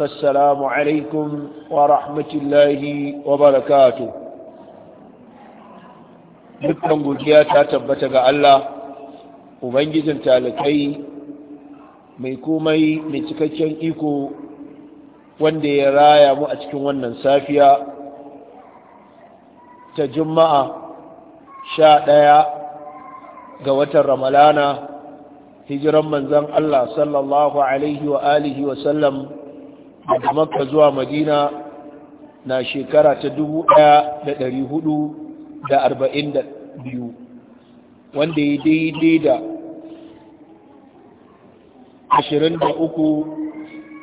فالسلام عليكم ورحمة الله وبركاته dukkan godiya ta tabbata ga Allah ubangijin talakai mai komai mai cikakken iko wanda ya raya mu a cikin wannan safiya ta juma'a sha ɗaya ga watan ramalana hijiran manzan Allah sallallahu alaihi wa alihi wa sallam daga makka zuwa madina na shekara ta biyu, wanda ya daidai da ashirin da uku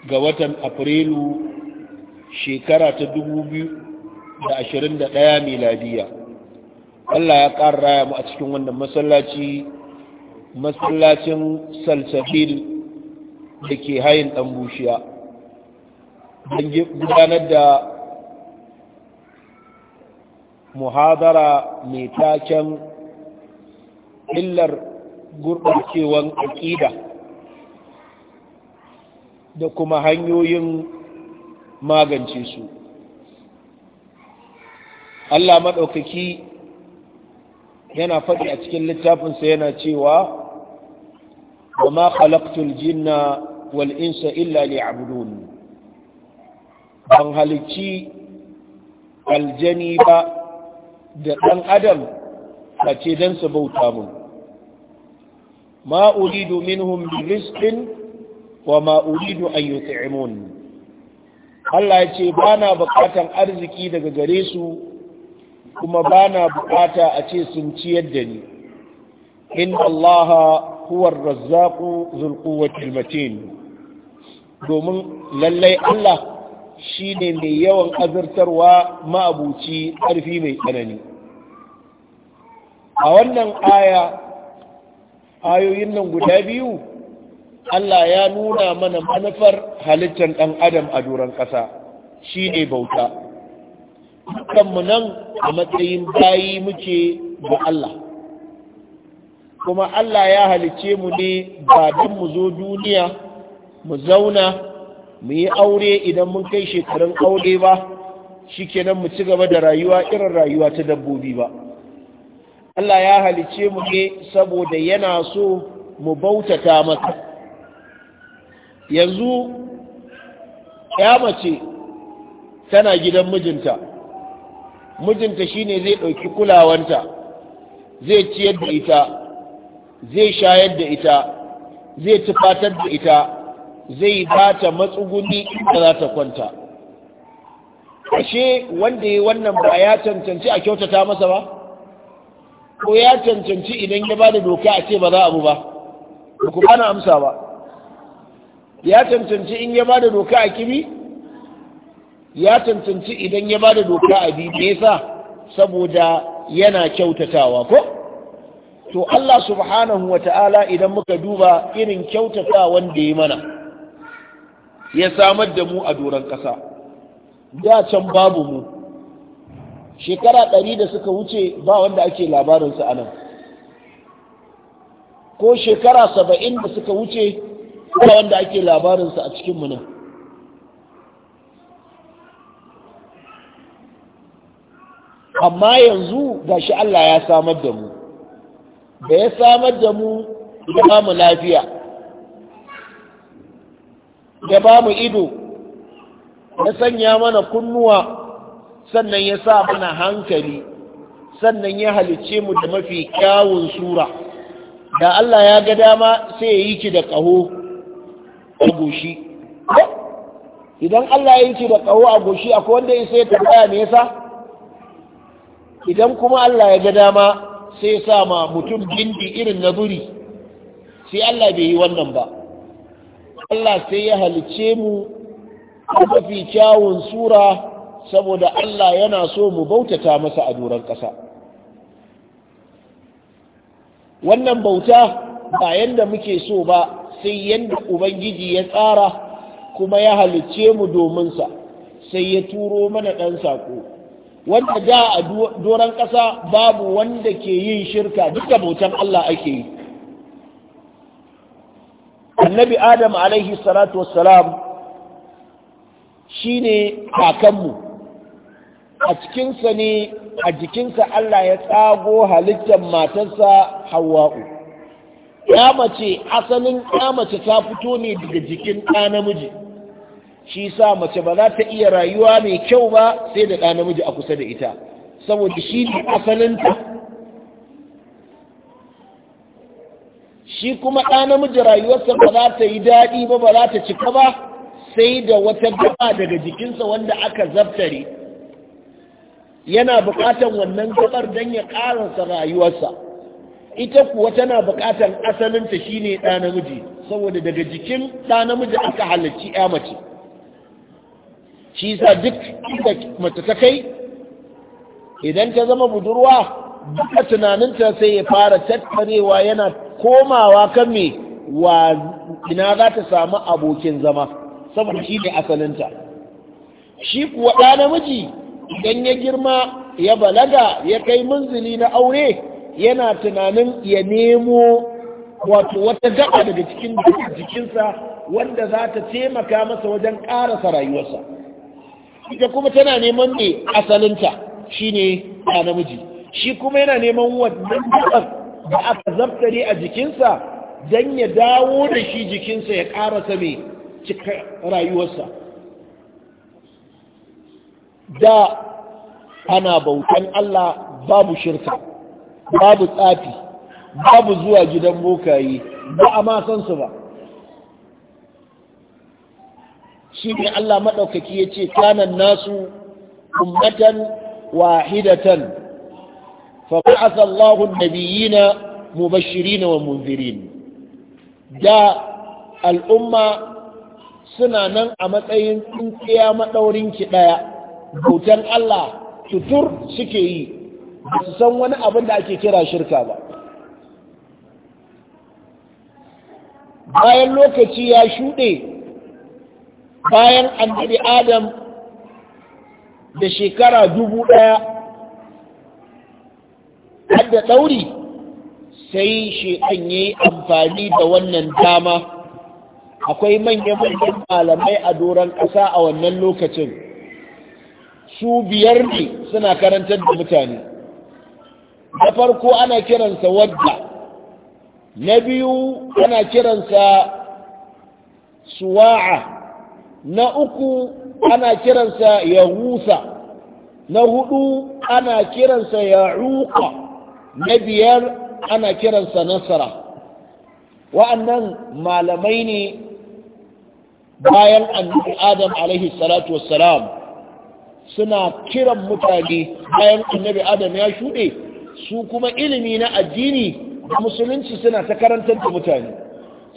ga watan afrilu shekara ta dubu biyu da da ɗaya 2021 miladiya Allah ya ƙara mu a cikin wannan masallaci masallacin salsabil da ke hayin ɗan bushiya gudanar da muhadara mai taken illar gurɓacewan aƙida da kuma hanyoyin magance su Allah maɗaukaki yana faɗi a cikin littafinsa yana cewa wa ma khalaqtul jinna wal'insa insa illa liya'budun ban halicci aljani ba da ɗan adam ce don su bauta mun ma uridu minhum bi rizqin wa ma uridu an yut'imun Allah ya ce ba na bukatan arziki daga gare su kuma ba na bukata a ce sun ciyar da ni in Allah huwar razzaku zulkuwa quwwati domin lallai Allah Shi ne mai yawan azurtarwa ma'abuci ƙarfi mai tsanani a wannan aya ayoyin nan guda biyu Allah ya nuna mana manufar halittar ɗan adam a doron ƙasa shi ne bauta kanmu nan a matsayin bayi muke ga Allah kuma Allah ya halice mu ne ba don mu zo duniya mu zauna mu yi aure idan mun kai shekarun aure ba shi kenan mu ci gaba da rayuwa irin rayuwa ta dabbobi ba Allah ya halice mu ne saboda yana so mu bautata masa yanzu ya mace tana gidan mijinta mijinta shine zai ɗauki kulawanta zai ciyar da ita zai shayar da ita zai tufatar da ita zai ba ta matsuguni inda za ta kwanta ashe wanda ya wannan ba ya cancanci a kyautata masa ba ko ya cancanci idan ya ba da doka a ce ba za abu ba ba ku bana amsa ba ya cancanci in ya ba da doka a kibi ya cancanci idan ya ba da doka a bi me saboda yana kyautatawa ko to Allah subhanahu wa ta'ala idan muka duba irin kyautata wanda ya mana ya samar da mu a doron ƙasa da can babu mu shekara ɗari da suka wuce ba wanda ake labarinsa a nan ko shekara saba'in da suka wuce ba wanda ake labarinsa a cikin nan amma yanzu ga shi Allah ya samar da mu da ya samar da mu da mu lafiya ya ba mu ido ya sanya mana kunnuwa sannan ya sa mana hankali sannan ya halicce mu da mafi kyawun sura da Allah ya ga dama sai ya yi ki da ƙaho a goshi idan Allah ya yi ki da ƙaho a goshi akwai wanda ya sai tambaya me yasa idan kuma Allah ya ga dama sai ya sa ma mutum gindi irin na buri sai Allah bai yi wannan ba Allah sai ya halice mu a mafi kyawun sura saboda Allah yana so mu bautata masa a duran ƙasa wannan bauta ba yadda muke so ba sai yadda ubangiji ya tsara kuma ya halicce mu dominsa sai ya turo mana ɗan saƙo wanda da a doron ƙasa babu wanda ke yin shirka duka bautan Allah ake yi annabi adam alaihi salatu wassalam shine kakanmu a cikinsa ne a jikinsa Allah ya tsago halittar matarsa hawa'u ya mace asalin ya mace ta fito ne daga jikin ɗa namiji shi sa mace ba za ta iya rayuwa mai kyau ba sai da ɗa namiji a kusa da ita saboda shi ne asalinta shi kuma ɗa namiji rayuwarsa ba za ta yi daɗi ba ba za ta cika ba sai da wata gaba daga jikinsa wanda aka zaftare yana buƙatar wannan gabar don ya ƙaransa rayuwarsa ita kuwa tana buƙatar asalinta shine ɗa namiji saboda daga jikin ɗa namiji aka halarci ya mace shi sa duk inda mace ta kai idan ta zama budurwa duka tunaninta sai ya fara tattarewa yana komawa kan me wa ina za ta samu abokin zama saboda shi ne asalinta shi kuwa ɗa namiji idan ya girma ya balaga ya kai munzili na aure yana tunanin ya nemo wato wata gaba daga cikin jikinsa wanda za ta taimaka masa wajen ƙarasa rayuwarsa ita kuma tana neman ne asalinta shi ne ɗa namiji shi kuma yana neman wannan da aka zaftare a jikinsa don ya dawo da shi jikinsa ya karasa mai cika rayuwarsa da ana bautan Allah babu shirka babu tsafi babu zuwa gidan bokaye ba a masansu ba shi ne Allah maɗaukaki ya ce kanan nasu ummatan wahidatan فبعث الله النبيين مبشرين ومنذرين da al'umma suna nan a matsayin tsintsiya maɗaurinki ɗaya bautan Allah tutur suke yi ba su san wani abin da ake kira shirka ba bayan lokaci ya shuɗe bayan annabi adam da shekara dubu ɗaya hadda ɗauri sai shi ya yi amfani da wannan dama akwai manya-manyan malamai a doron ƙasa a wannan lokacin su biyar ne suna karantar da mutane na farko ana kiransa wadda na biyu ana kiransa suwa'a na uku ana kiransa yahusa na hudu ana kiransa ya'uqa na biyar ana kiransa nasara wa'annan malamai ne bayan annabi adam alaihi salatu wassalam suna kiran mutane bayan annabi adam ya shuɗe su kuma ilimi na addini da musulunci suna ta karantar da mutane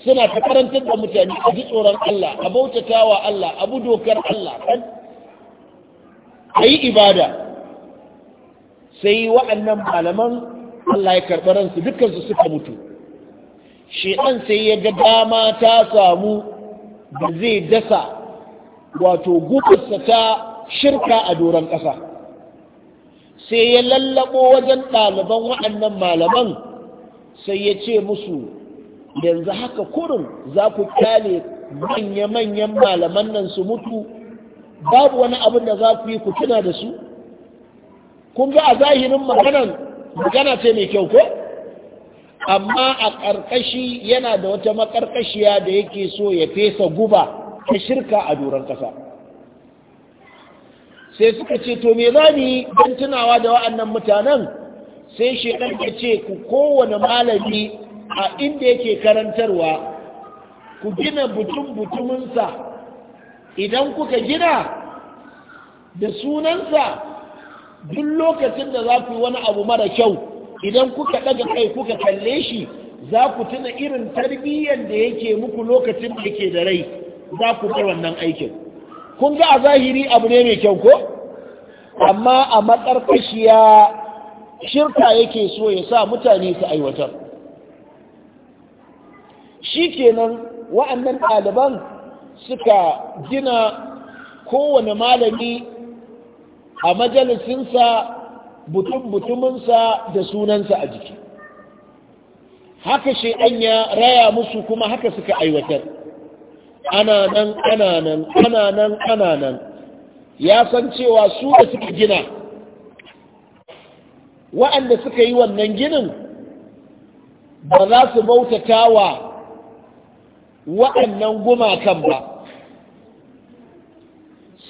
suna ta karantar da mutane a ji tsoron Allah a bautata wa Allah abu dokar Allah a yi ibada sai wa'annan malaman Allah ya karɓi ransu dukansu suka mutu shedan sai ya ga dama ta samu da zai dasa wato gubarsa ta shirka a doron ƙasa sai ya lallabo wajen ɗaliban waɗannan malaman sai ya ce musu yanzu haka kurin za ku kyale manya-manyan malaman nan su mutu babu wani abin da za ku yi ku tuna da su kun ga a zahirin maganan magana ce mai kyau ko amma a ƙarƙashi yana da wata maƙarƙashiya da yake so ya fesa guba ta shirka a doron ƙasa sai suka ce to me za mu yi don tunawa da wa'annan mutanen sai shekar ya ce ku kowane malami a inda yake karantarwa ku gina butun-butuminsa idan kuka gina da sunansa duk lokacin da za ku yi wani abu mara kyau idan kuka ɗaga kai kuka kalle shi za ku tuna irin tarbiyyar da yake muku lokacin da yake da rai za ku bar wannan aikin kun ga a zahiri abu ne mai kyau ko amma a matsarkashiya shirka yake so ya sa mutane su aiwatar shi kenan wa'annan ɗaliban suka gina kowane malami a majalisinsa butun butuminsa da sunansa a jiki haka shi anya raya musu kuma haka suka aiwatar ana nan ana nan ana nan ana nan ya san cewa su da suka gina wa'anda suka yi wannan ginin ba za su bautata wa wa'annan gumakan ba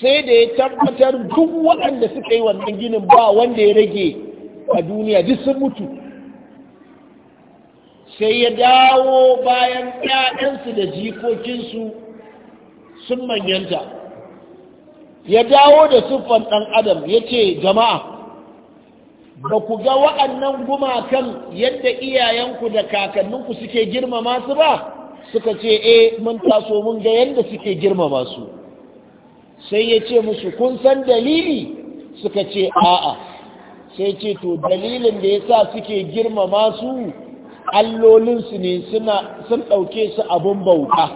sai da ya tabbatar duk waɗanda suka yi wannan ginin ba wanda ya rage a duniya duk sun mutu sai ya dawo bayan ɗaɗansu da jikokinsu sun manyanta ya dawo da siffan ɗan adam ya ce jama'a ba ku ga wa'annan gumakan yadda iyayenku da kakanninku suke girmama su ba suka ce e mun taso mun ga yadda suke girmama su sai ya ce musu kun san dalili suka ce a'a sai ce to dalilin da ya sa suke girmama su allolinsu ne sun ɗauke su abin bauta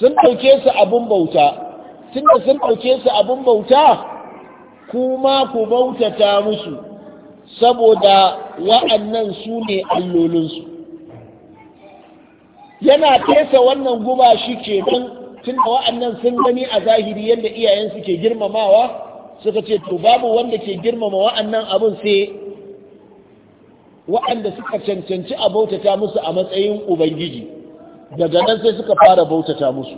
sun ɗauke su abin bauta sun da sun ɗauke su abin bauta kuma ku bautata musu saboda wa'annan su ne allolinsu yana fesa wannan guba shi ke nan tun da wa'annan sun gani a zahiri yadda iyayensu ke girmamawa suka ce to babu wanda ke girmama wa'annan abin sai wa'anda suka cancanci a bautata musu a matsayin ubangiji daga nan sai suka fara bautata musu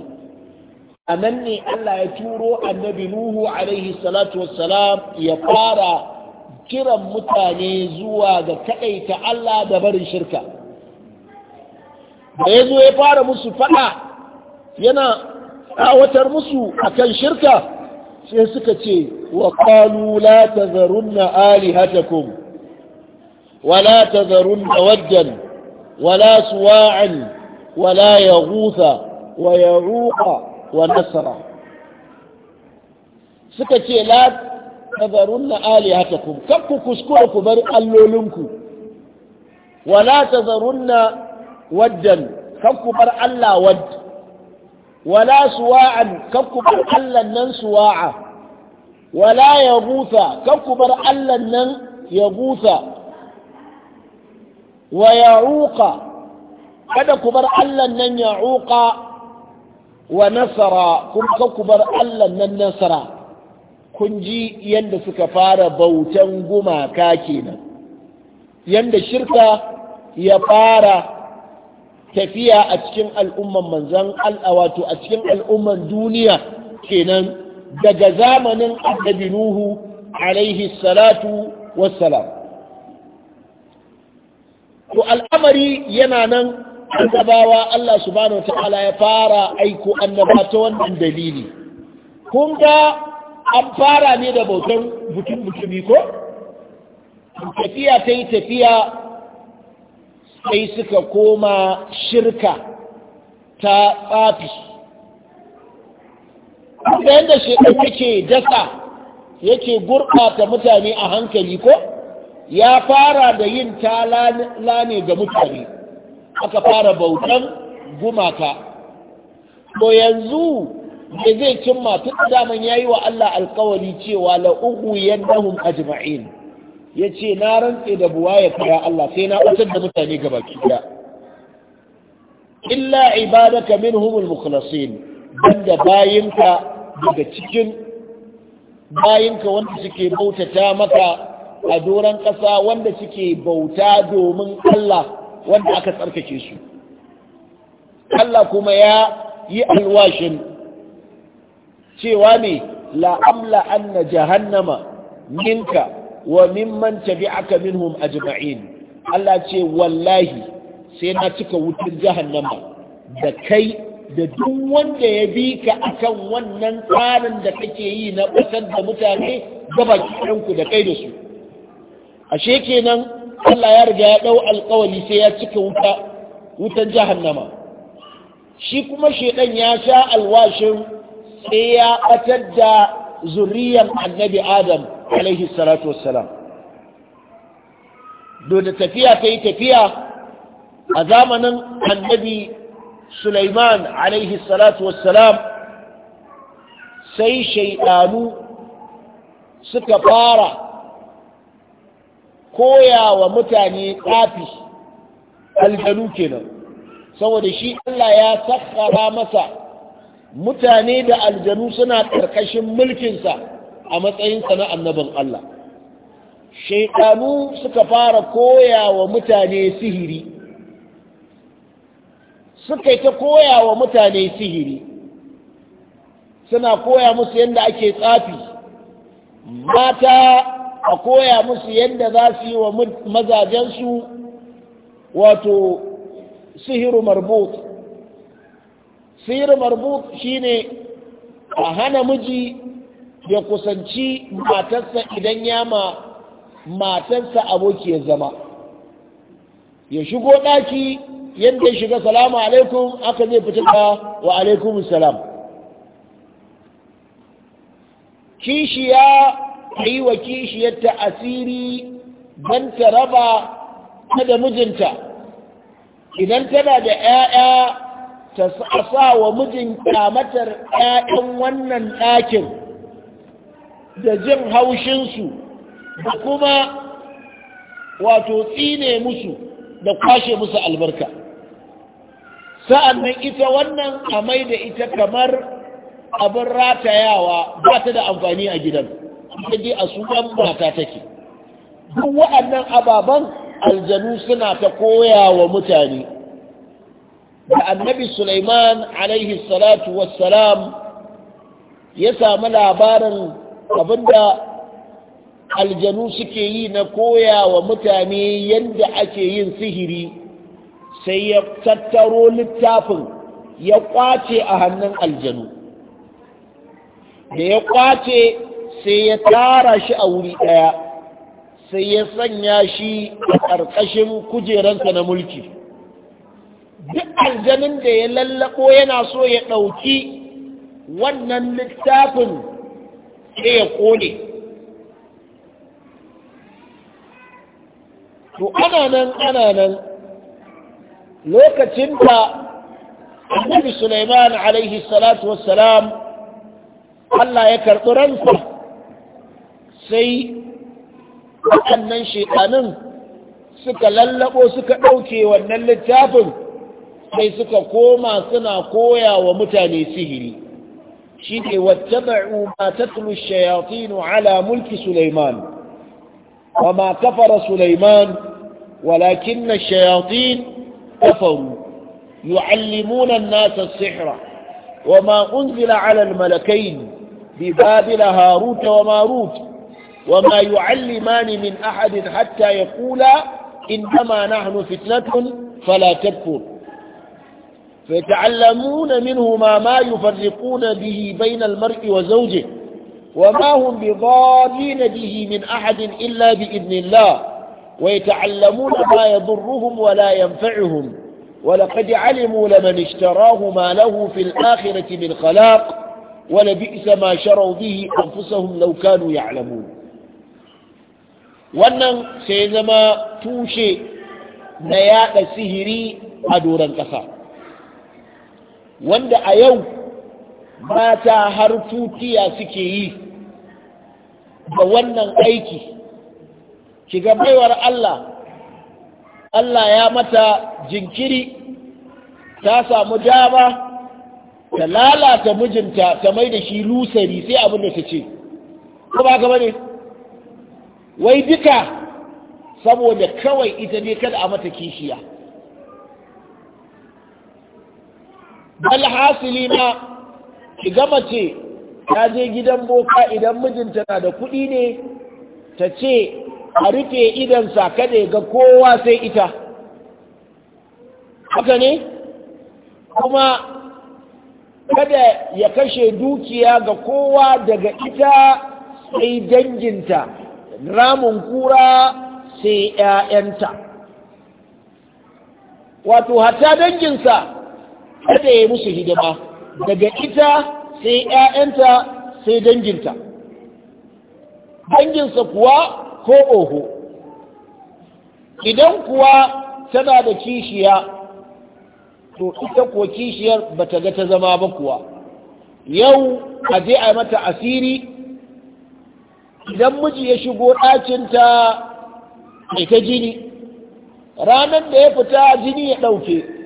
a nan ne Allah ya turo annabi Nuhu alaihi salatu wassalam ya fara kiran mutane zuwa ga kaɗaita Allah da barin shirka da ya zo ya fara musu faɗa yana tsawatar musu a kan shirka sai suka ce wa qalu la tazarunna alihatakum wa la tazarunna waddan wa la suwa'an wala ya husa wa ya yaruqa wa nasara. suka ce la Ali alihatakum kakku kuskura ku bar allolinku wa la tazarunna waddan kakkubar Allah wad wala suwa'an kakkubar Allah nan suwa'a wala ya gusa kakkubar Allah nan ya gusa wa ya ruƙa kada kubar Allah nan ya ruƙa wa nasara kuma kakkubar Allah nan nasara kun ji yadda suka fara bautan gumaka kenan yadda shirka ya fara tafiya a cikin al'umman manzan wato a cikin al'umman duniya kenan daga zamanin annabi Nuhu alaihi salatu wassalam to al'amari yana nan gabawa Allah subhanahu ta'ala ya fara aiko annaba ta wannan dalili kun ga an fara ne da bautan butun butumi ko tafiya ta yi tafiya sai suka koma shirka ta tsafi da yadda shekaru yake dasa yake gurɓata mutane a hankali ko ya fara da yin tala ne ga mutane aka fara bautan gumaka to yanzu da zai cimma tun daman ya yi wa Allah alkawari cewa la'uhu hun ajma'in ya ce na rantse da buwa ya kaya Allah sai na ɓatar da mutane gaba kiya illa ibadaka minhumul mukhlasin banda bayinka daga cikin bayinka wanda suke bautata maka a doron ƙasa wanda suke bauta domin Allah wanda aka tsarkake su Allah kuma ya yi alwashin cewa ne la'amla an na jahannama minka wa mimman tabi'aka minhum jima'in. Allah ce wallahi sai na cika wutar jahannama da kai da duk wanda ya bi ka akan wannan tsarin da kake yi na ɓasar da mutane gaba ku da kai da su ashe kenan Allah ya riga ya ɗau alƙawari sai ya cika wuta wutan jahannama shi kuma shedan ya sha alwashin sai ya ɓatar da zuriyar annabi adam alaihi salatu wassalam da tafiya ta yi tafiya a zamanin annabi Sulaiman alaihi salatu wassalam sai shaidanu suka fara koya wa mutane ƙafi aljanu kenan saboda shi Allah ya sakkara masa mutane da aljanu suna ƙarƙashin mulkinsa a matsayinsa na annabin Allah shaitanu suka fara koya wa mutane sihiri suka ta koya wa mutane sihiri suna koya musu yadda ake tsafi mata a koya musu yadda za su yi wa mazajensu wato sihiru marbut sihiru marbut shine a hana miji ya kusanci matarsa idan ya ma matarsa ya zama ya shigo ɗaki yadda ya shiga salamu alaikum aka zai fita da wa alaikum salam kishiya yi wa kishiyarta asiri don ta raba ta da mijinta idan tana da 'ya'ya ta sa wa mijin kamatar 'ya'yan wannan ɗakin da jin haushinsu da kuma wato tsine musu da kwashe musu albarka sa'annan ita wannan amai da ita kamar abin ratayawa ba ta da amfani a gidan sai a sunan mata take duk waɗannan ababen aljanu suna ta koya wa mutane da annabi Sulaiman alaihi salatu wassalam ya sami labarin abinda aljanu suke yi na koya wa mutane yadda ake yin sihiri sai ya tattaro littafin ya kwace a hannun aljanu da ya kwace sai ya tara shi a wuri ɗaya sai ya sanya shi a ƙarƙashin kujeransa na mulki duk aljanin da ya lallako yana so ya ɗauki wannan littafin sai ya kone to ana nan ana nan lokacin da annabi Sulaiman alaihi salatu wassalam Allah ya karɓi ransa sai waɗannan shekanin suka lallabo suka ɗauke wannan littafin sai suka koma suna koya wa mutane sihiri شيء واتبعوا ما تتلو الشياطين على ملك سليمان وما كفر سليمان ولكن الشياطين كفروا يعلمون الناس السحر وما أنزل على الملكين ببابل هاروت وماروت وما يعلمان من أحد حتى يقولا إنما نحن فتنة فلا تكفر فيتعلمون منهما ما يفرقون به بين المرء وزوجه وما هم بضارين به من أحد إلا بإذن الله ويتعلمون ما يضرهم ولا ينفعهم ولقد علموا لمن اشتراه ما له في الآخرة من خلاق ولبئس ما شروا به أنفسهم لو كانوا يعلمون wannan sai zama tushe na yada sihiri a doron wanda a yau mata har tutiya suke yi da wannan aiki shiga baiwar Allah Allah ya mata jinkiri ta samu dama ta lalata mijinta ta mai da shi lusari sai abin da ta ce ko ba ne. wai duka saboda kawai ita ne kada a mata kishiya bal hasili ma shiga mace ta je gidan boka idan mijinta na da kuɗi ne ta ce a rufe idansa kada ga kowa sai ita haka ne kuma kada ya kashe dukiya ga kowa daga ita sai danginta ramin kura sai 'ya'yanta wato hata danginsa kada ya musu hidima daga ita sai ‘ya'yanta sai danginta danginsa kuwa ko oho idan kuwa tana da kishiya to ita ko kishiyar ba ta ga ta zama ba kuwa yau a je a mata asiri idan miji ya shigo ɗacinta mai ta jini ranar da ya fita jini ya ɗauke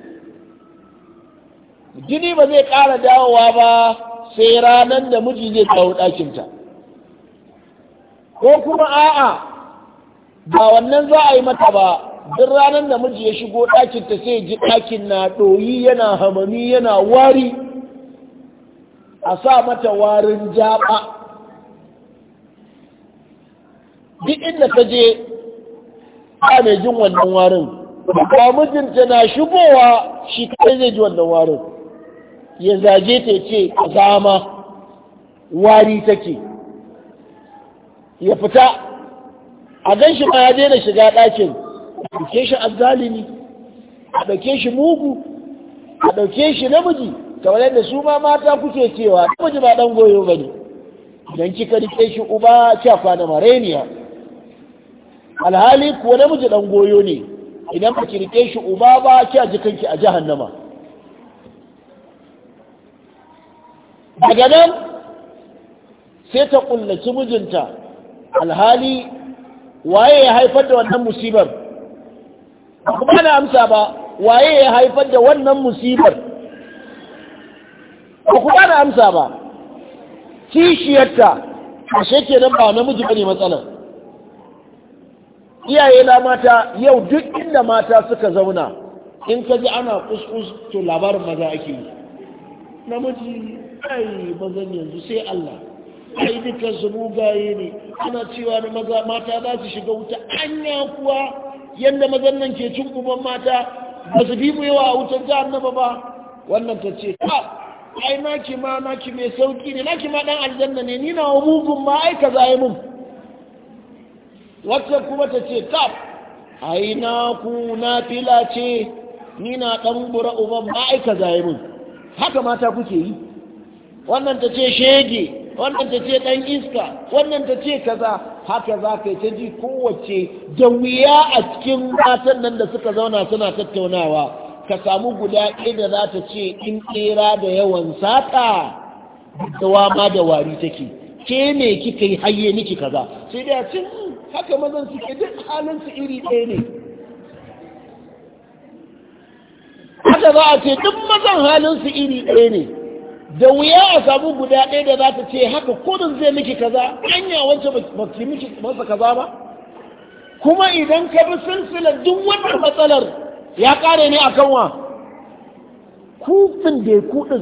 jini ba zai ƙara dawowa ba sai ranar da miji zai kawo ɗakinta ko kuma a'a ba wannan za a yi mata ba duk ranar da miji ya shigo ɗakinta sai ji ɗakin na ɗoyi yana hamami yana wari a sa mata warin jaɓa duk inda ta je ba mai jin wannan warin ba mijinta na shigowa shi kai zai ji wannan warin ya zaje ta ce zama wari take ya fita a gan shi ma ya daina shiga ɗakin a ɗauke shi azzalimi a ɗauke shi mugu a ɗauke shi namiji kamar yadda su ma mata kuke cewa namiji ba ɗan goyo ba ne don kika rike shi uba kya kwana mareniya alhali kuwa namiji ɗan goyo ne idan ba ki rike shi uba ba kya jikanki a jahannama daga nan sai ta kullaci mijinta alhali waye ya haifar da wannan musibar kuma na amsa ba waye ya haifar da wannan musibar kuma na amsa ba kishiyarta ashe kenan ba namiji bane matsalar iyaye na mata yau duk inda mata suka zauna in ka ji ana kuskus to labarin maza ake yi namiji ai bazan yanzu sai Allah ai duka su mugaye ne ana cewa da maza mata za su shiga wuta anya kuwa yanda mazan nan ke cin uban mata ba su bi mu yawa a wutar jahannama ba wannan ta ce ha ai naki ma naki mai sauki ne naki ma dan aljanna ne ni na mugun ma ai ka zai mun wacce kuma ta ce kaf ai na ku na fila ce ni na dan bura uban ma ai ka zai mun haka mata kuke yi wannan ta ce shege wannan ta ce ɗan iska wannan ta ce kaza haka za ka yi ta ji kowace da wuya a cikin matan nan da suka zauna suna tattaunawa ka samu guda ɗaya da za ta ce in tsera da yawan sata dawa ma da wari take ke ne kika yi hayye niki kaza sai da cin hmm, haka mazan su ke duk halin su iri ɗaya ne haka za a ce duk mazan halin su iri ɗaya ne da wuya a samu guda ɗaya da za ta ce haka kudin zai miki kaza hanya wancan ba ki miki masa kaza ba kuma idan ka bi silsilar duk wannan matsalar ya ƙare ne akan wa kufin da ya din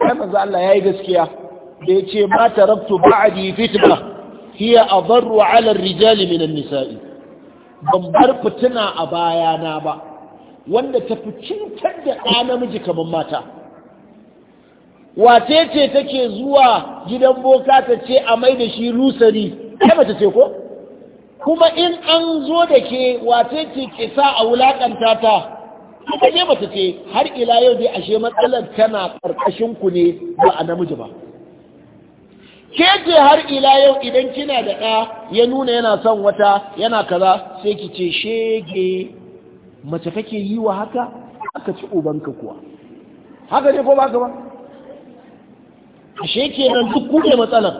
sai manzo Allah yayi gaskiya da ce ma tarabtu ba'di fitna hiya a 'ala ar-rijali min an-nisa'i ban bar fitina a bayana ba wanda ta fi cutar da ɗa namiji kamar mata wace ce take zuwa gidan boka ta ce a mai da shi lusari ai mace ce ko kuma in an zo da ke wace ce ke sa a wulaƙanta ta haka ne mace ce har ila yau dai ashe matsalar tana ƙarƙashin ku ne ba a namiji ba ke ce har ila yau idan kina da ɗa ya nuna yana son wata yana kaza sai ki ce shege mace kake yi wa haka aka ci ubanka kuwa haka ne ko ba ka ba ashe kenan duk kuɗe matsalar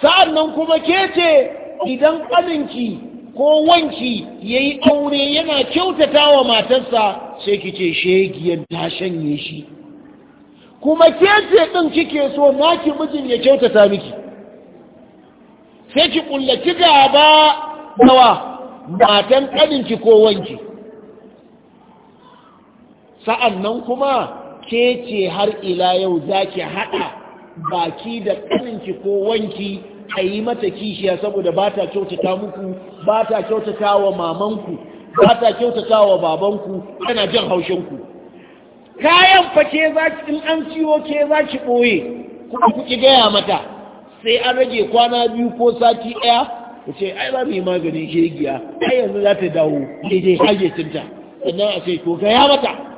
sa'an nan kuma ke ce idan ƙaninki ko wanki ya yi aure yana kyautata wa matarsa sai ki ce shegiyar ta shanye shi kuma ke ce ɗin kike so na ki mijin ya kyautata miki sai ki ƙullaci gaba dawa matan ƙaninki ko wanki sa'an nan kuma ke ce har ila yau za ki haɗa baki da ƙarinki ko wanki a yi mata kishiya saboda ba ta kyautata muku ba ta kyautata wa mamanku ba ta kyautata wa babanku yana jan haushinku kayan fake za ki in an ciwo ke za ki ɓoye kuma kuki gaya mata sai an rage kwana biyu ko sati ɗaya ku ce ai ba mai maganin shegiya ai yanzu za ta dawo daidai hajjacinta sannan a ce ko gaya mata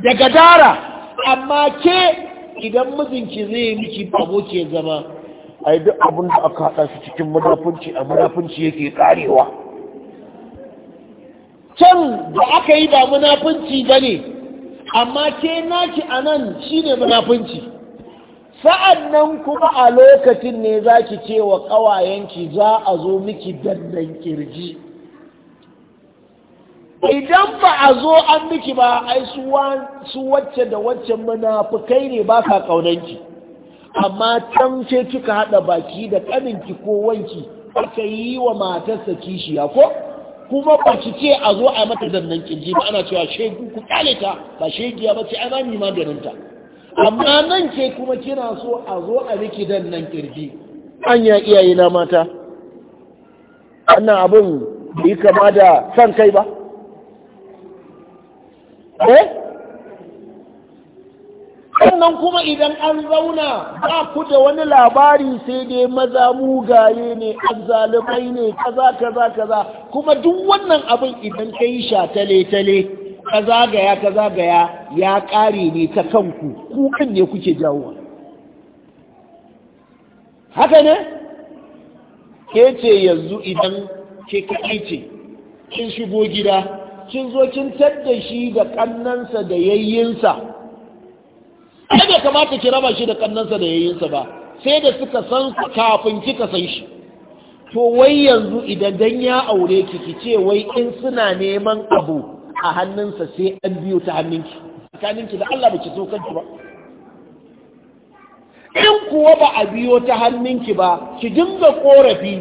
Daga dara amma ke idan mijinki zai yi miki ke zama yi duk abin da aka haɗa su cikin madafunci a madafunci yake karewa can da aka yi ba munafunci ba ne amma ke naki a nan shi ne munafunci sa'annan kuma a lokacin ne za ki ce wa ƙawayenki za a zo miki dandan ƙirji. idan ba a zo an miki ba ai su wacce da wacce munafukai ne ba ka kaunanki amma can ce kika hada baki da kaninki ko wanki aka yi wa matarsa kishiya ko kuma ba ki ce a zo a mata zannan ƙirji ba ana cewa shegu ku kyale ta ba shegiya ba ce ana ni maganin ta amma nan ke kuma kina so a zo a miki dannan kirji anya iyaye na mata wannan abin bai kama da san kai ba Eh? sannan kuma idan an zauna ba ku da wani labari sai dai maza mugaye ne azzalumai ne kaza kaza kaza kuma duk wannan abin idan ka yi sha tale tale kaza gaya kaza gaya ya kare ne ta kanku kan ne kuke jawo haka ne ke ce yanzu idan ke kaɗai kin shigo gida kin zo kin tadda shi da kannansa da yayyinsa ai bai kamata ki raba shi da kannansa da yayyinsa ba sai da suka san kafin kika san shi to wai yanzu idan dan ya aure ki ki ce wai in suna neman abu a hannunsa sai an biyo ta hannunki tsakaninki da Allah baki so kanki ba in kuwa ba a biyo ta hannunki ba ki dinga korafi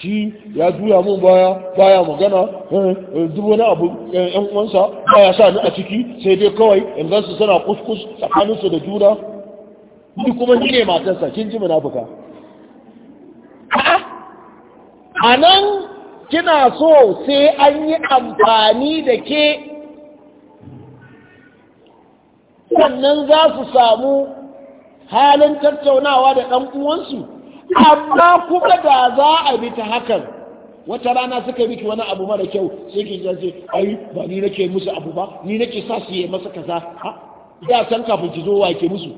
shi ya juya mun baya baya magana eh, eh, duk wani abu yan eh, uwansa baya sa ni a ciki sai dai kawai in gansu suna kuskus tsakaninsu da juna ni kuma ni ne matarsa kin ji munafuka a nan kina so sai an yi amfani da ke sannan za su samu halin tattaunawa da ɗan uwansu amma kuma da za a bi ta hakan wata rana suka biki wani abu mara kyau sai ki zace ai ba ni nake musu abu ba ni nake sa su yi masa kaza ha da san kafin ki zo wa ke musu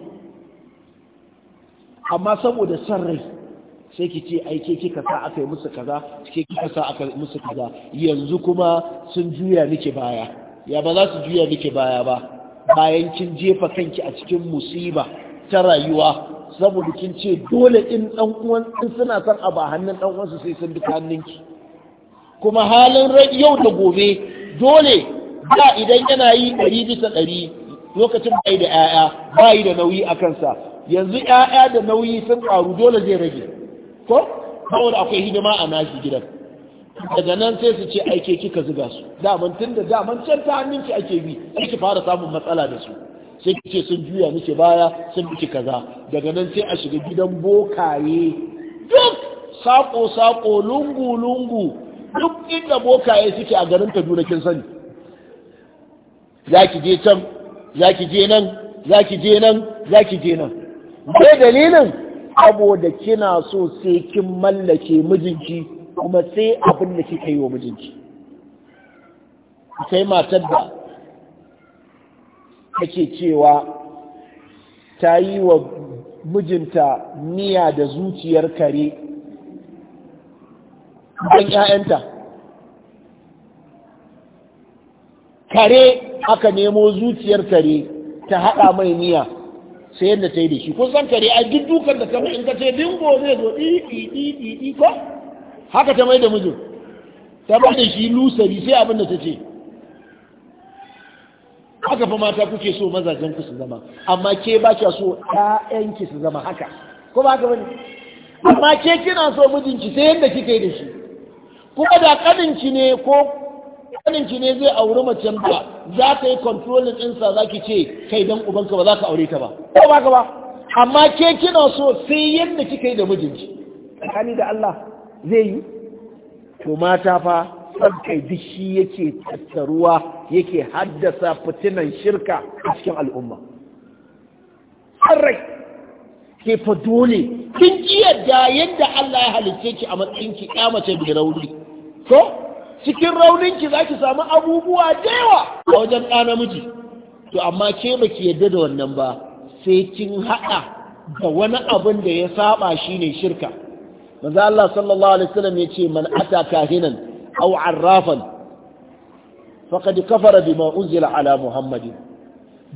amma saboda san rai sai ki ce ai ke kika sa aka yi musu kaza ke kika sa aka musu kaza yanzu kuma sun juya miki baya ya ba za su juya miki baya ba bayan kin jefa kanki a cikin musiba ta rayuwa saboda kin ce dole in dan uwan in suna san a ba hannun dan uwansu sai sun bi hannunki kuma halin yau da gobe dole ba idan yana yi ɗari bisa ɗari lokacin bai da 'ya'ya yi da nauyi a kansa yanzu 'ya'ya da nauyi sun ƙaru dole zai rage ko saboda akwai hidima a nashi gidan daga nan sai su ce aike kika zuga su daman da daman can ta hannunki ake bi sai ki fara samun matsala da su sai ce sun juya miki baya sun miki kaza daga nan sai a shiga gidan bokaye duk sako-sako lungu-lungu duk inda bokaye suke a garin kaduna kin sani za ki je can za je nan za je nan za je nan mai dalilin saboda kina so sai kin mallake mijinki kuma sai abin da kika yi wa mijinki sai matar da take cewa ta yi wa mijinta miya da zuciyar kare don ‘ya'yanta kare aka nemo zuciyar kare ta haɗa mai miya sai yadda ta yi da shi kun san kare a duk dukan da kamar in ka ce dingo zai zo ɗi ko haka ta mai da mijin ta ba da shi lusari sai abin da ta ce haka fa mata kuke so mazajen ku su zama amma ke ba kya so ƴaƴan ki su zama haka ko ba ka bane amma ke kina so mijinki sai yanda kika yi da shi kuma da kaninki ne ko kaninki ne zai auri mace ba za ka yi controlling din za ki ce kai dan ubanka ba za ka aure ta ba ko ba ka ba amma ke kina so sai yanda kika yi da mijinki tsakani da Allah zai yi to mata fa tsarkai duk shi yake tattaruwa yake haddasa fitinan shirka a cikin al'umma tsarrai ke fa dole kin ji yadda yadda Allah ya halicce ki a matsayin ki ya mace mai rauni ko cikin raunin ki zaki samu abubuwa da yawa a wajen ɗa namiji to amma ke ki yadda da wannan ba sai kin haɗa da wani abin da ya saba ne shirka Maza Allah sallallahu alaihi wasallam ya yace man ata kahinan أو عرافا فقد كفر بما أنزل على محمد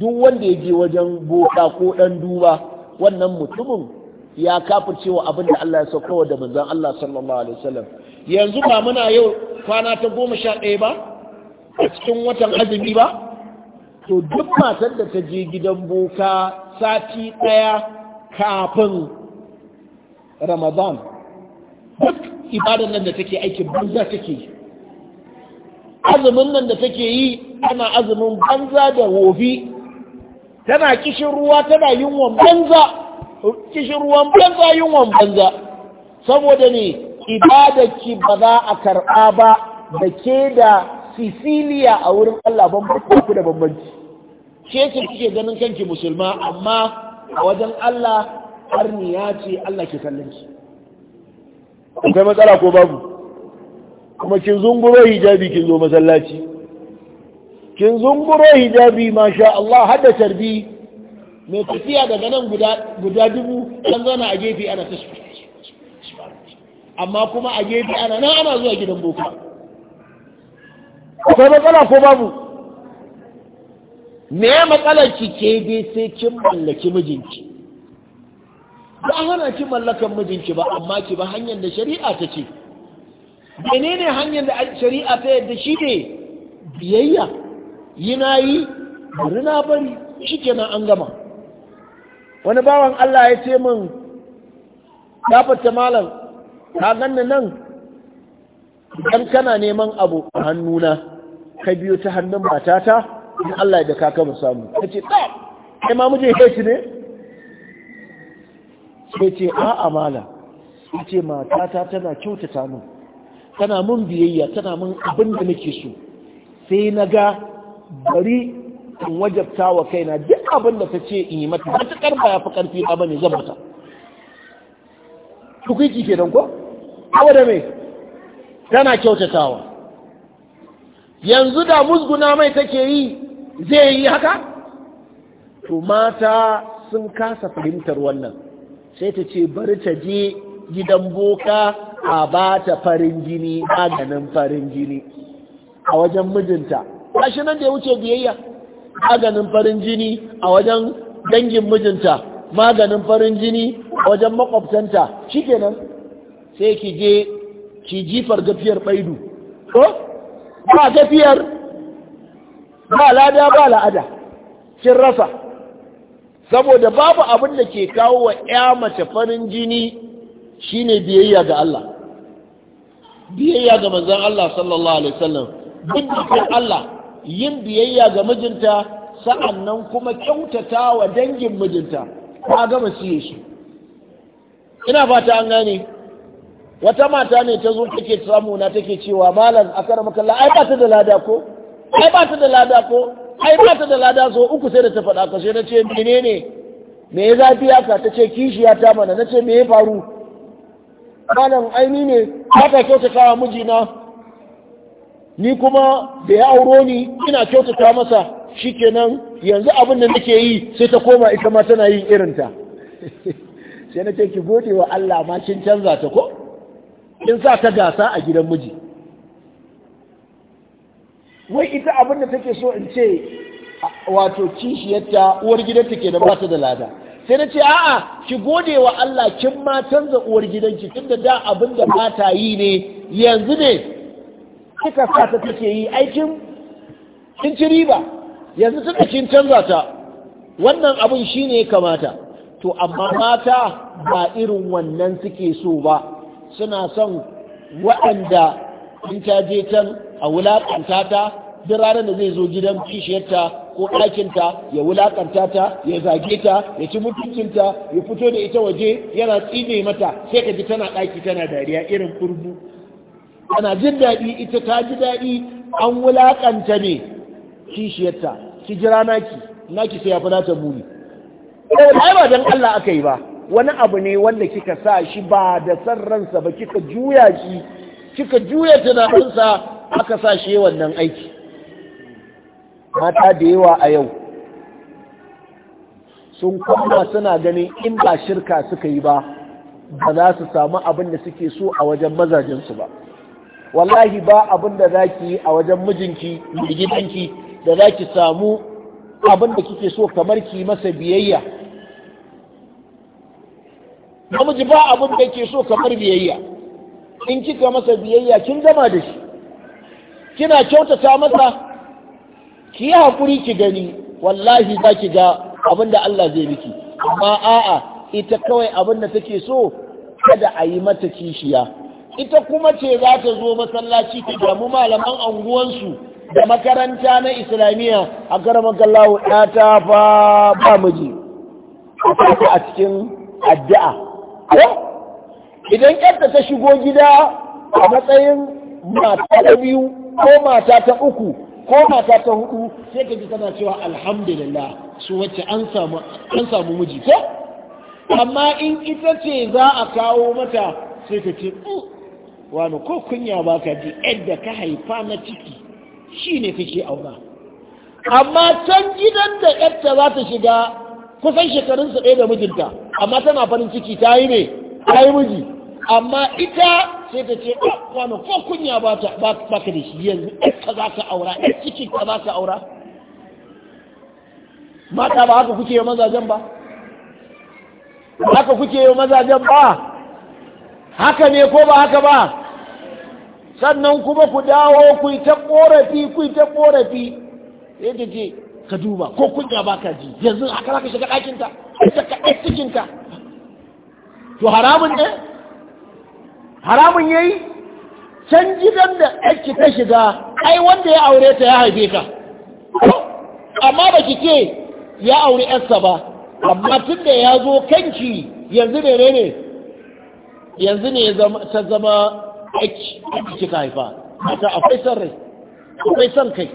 duk wanda ya je wajen boka ko ɗan duba wannan mutumin ya kafirce cewa abin da Allah ya saukowa da manzan Allah sallallahu alaihi wasallam yanzu ba muna yau kwana ta goma sha ɗaya ba a cikin watan azumi ba to duk matar da ta je gidan boka sati ɗaya kafin ramadan duk ibadan nan da take aikin banza take yi azumin nan da take yi ana azumin banza da wofi tana kishin ruwa tana yunwan banza kishin ruwan banza yunwan banza saboda ne ibadarki ba za a karɓa ba da ke da sisiliya a wurin Allah bambanci ku da bambanci ke ce kike ganin kanki musulma amma a wajen Allah arniya ce Allah ke kallon ki akwai matsala ko babu kuma kin zunguro hijabi kin zo masallaci kin zunguro hijabi masha Allah hada tarbi mai tafiya daga nan guda dubu kan zana a gefe ana ta amma kuma a gefe ana nan ana zuwa gidan boko akwai matsala ko babu me matsalar ki ke dai sai kin mallaki mijinki ba hana ki mallakan mijinki ba amma ki ba hanyar da shari'a ta ce menene hanyar da shari'a ta yadda shi ne biyayya yi na yi bari na bari shi kenan an gama wani bawan Allah ya ce min ta malam ka ganna nan idan kana neman abu a hannuna ka biyo ta hannun matata in Allah da kaka kama samu ka ce ɗaya ma mijin ne sai ce a amala sai ce matata tana kyautata min tana mun biyayya tana mun abin da nake so sai na ga bari in wajabta wa kaina duk abin da ta ce in yi mata ta ba ya fi ƙarfi ba zama ta, ku tukwiki ke ko awa da mai tana kyautatawa yanzu da musguna mai take yi zai yi haka to mata sun kasa fahimtar wannan sai ta ce bari ta je gidan boka a ba ta farin jini maganin farin jini a wajen mijinta shi nan da ya wuce biyayya maganin farin jini a wajen dangin mijinta maganin farin jini a wajen makwabtanta shikenan sai ki je ki jifar gafiyar baidu ko ba gafiyar ba lada ba la'ada kin rasa saboda babu abin da ke kawo wa ya mace farin jini shine biyayya ga Allah biyayya ga manzon Allah sallallahu alaihi wasallam bin Allah yin biyayya ga mijinta sa'annan kuma kyautata wa dangin mijinta ta gama siye shi ina fata an gane wata mata ne ta zo take samu na take cewa malam akara la ai ba ta da lada ko ai ba ta da lada ko ai ba ta da lada so uku sai da ta faɗa ka sai na ce menene me ya zafi aka ta ce kishiya ta mana na ce me ya faru malam aini ne ba ta kyautata mijina ni kuma da ya auro ni ina kyautata masa shikenan yanzu abin da nake yi sai ta koma ita ma tana yin irinta sai na ce ki gode wa Allah ma kin canza ta ko in sa ta gasa a gidan miji wai ita abin da take so in ce wato kishiyarta uwar gidan ke da ba da lada sai na ce a'a ki gode wa Allah kin ma canza uwar gidanki tunda da abin da ba yi ne yanzu ne kika sa ta take yi aikin kin ci riba yanzu tunda kin canza ta wannan abin shine ya kamata to amma mata ba irin wannan suke so ba suna son waɗanda in ta je can a wulakanta ta duk ranar da zai zo gidan kishiyarta ko ɗakinta ya wulaƙanta ta ya zage ta ya ci mutuncinta ya fito da ita waje yana tsine mata sai ka ji tana ɗaki tana dariya irin kurbu ana jin daɗi ita ta ji daɗi an wulaƙanta ne kishiyarta ki jira naki naki sai ya fi nata muni ai ba dan Allah aka yi ba wani abu ne wanda kika sa shi ba da san ransa ba kika juya shi kika juya tunaninsa aka sa shi wannan aiki mata da yawa a yau sun kuma suna ganin in ba shirka suka yi ba ba za su samu abin da suke so a wajen mazajensu ba wallahi ba abin da za ki yi a wajen mijinki mai gidanki da za ki samu abin da kike so kamar ki masa biyayya namiji ba abin da ke so kamar biyayya in kika masa biyayya kin gama da shi kina kyautata masa ki yi haƙuri ki gani wallahi za ki ga abin da Allah zai miki amma a'a ita kawai abin da take so kada a yi mata kishiya ita kuma ce za ta zo masallaci ta damu malaman anguwansu da makaranta na islamiyya a gallawo kallawo ta fa ba miji a cikin addu'a idan ƙarta ta shigo gida a matsayin mata biyu ko mata ta uku ko mata ta hudu sai ka ji tana cewa alhamdulillah su wacce an samu miji ko amma in ita ce za a kawo mata sai ka ce mm, wani ko kunya ba ka ji yadda ka haifa na ciki shi ne kake auna amma can gidan da yadda za ta shiga kusan shekarunsa ɗaya da mijinta amma tana farin ciki ta yi ne ta yi miji amma ita sai ta ce ɗan ah, kwano ko kunya ba ka da shi yanzu ka za ka aura ɗan cikin ka za ka aura mata ba haka kuke yi mazajen ba haka kuke yi mazajen ba haka ne ko ba haka ba sannan kuma ku dawo ku yi ta ƙorafi ku yi ta ƙorafi sai ta ce ka duba ko kunya ba ka ji yanzu haka za ka shiga ɗakinta ka ɗan cikinta to haramun ne haramun ya yi can gidan da ake ta shiga ai wanda ya aure ta ya haife ka amma ba ki ce ya aure yarsa ba amma tun da ya zo kanki yanzu ne ne yanzu ne ta zama ake cika haifa ta akwai son rai akwai son kai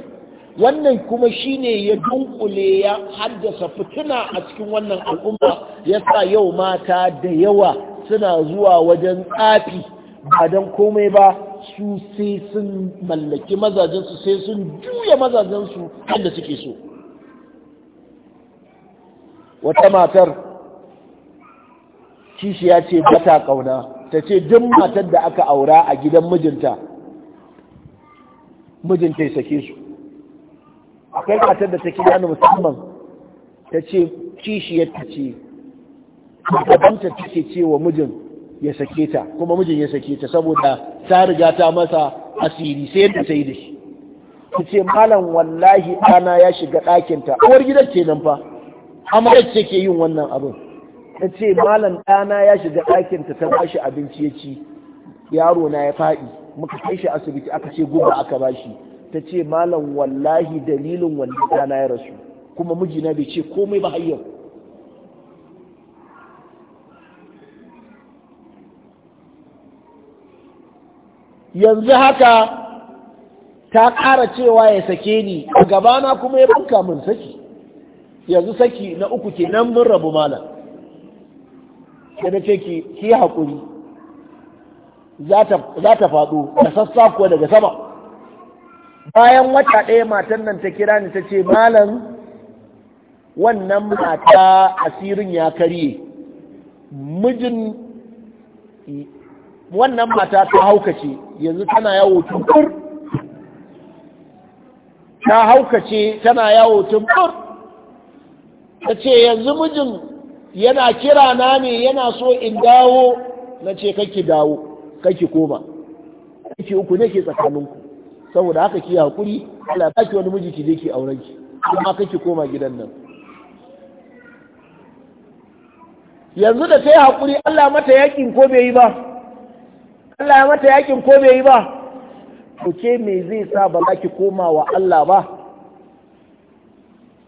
wannan kuma shi ne ya dunkule ya haddasa fitina a cikin wannan al'umma ya sa yau mata da yawa suna zuwa wajen tsafi ba don komai ba su sai sun mallaki mazajensu sai sun juya mazajensu yadda suke so wata matar kishiya ce bata kauna ta ce duk matar da aka aura a gidan mijinta mijinta ya sake su akwai matar da ta kira musamman ta ce ya ta ce ta take ce wa mijin ya sake ta kuma mijin ya sake ta saboda ta riga ta masa asiri sai yadda ta yi da shi ta ce malam wallahi ɗana ya shiga ɗakinta uwar gidan ce nan fa amma ce ke yin wannan abin ta ce malam ɗana ya shiga ɗakin ta ta bashi abinci ya ci yaro na ya faɗi muka kai shi asibiti aka ce guba aka ba shi ta ce malam wallahi dalilin wannan ɗana ya rasu kuma mijina bai ce komai ba har yanzu haka ta ƙara cewa ya sake ni a gabana kuma ya banka min saki yanzu saki na uku ke nan mun rabu malam sai ce ki ki haƙuri za ta faɗo da sassa kuwa daga sama bayan wata ɗaya matan nan ta kira ni ta ce malam wannan mata asirin ya karye mijin wannan mata ta haukace yanzu tana yawo tukur ta haukace tana yawo tukur ta ce yanzu mijin yana kira na ne yana so in dawo na ce kake dawo kake koma kake uku ne ke tsakaninku saboda haka ki hakuri ala ba ki wani miji ki je ki auren ki kuma kake koma gidan nan yanzu da ta yi hakuri Allah mata yakin ko bai yi ba Allah ya mata yakin ko bai yi ba to ke me zai sa ba za ki koma wa Allah ba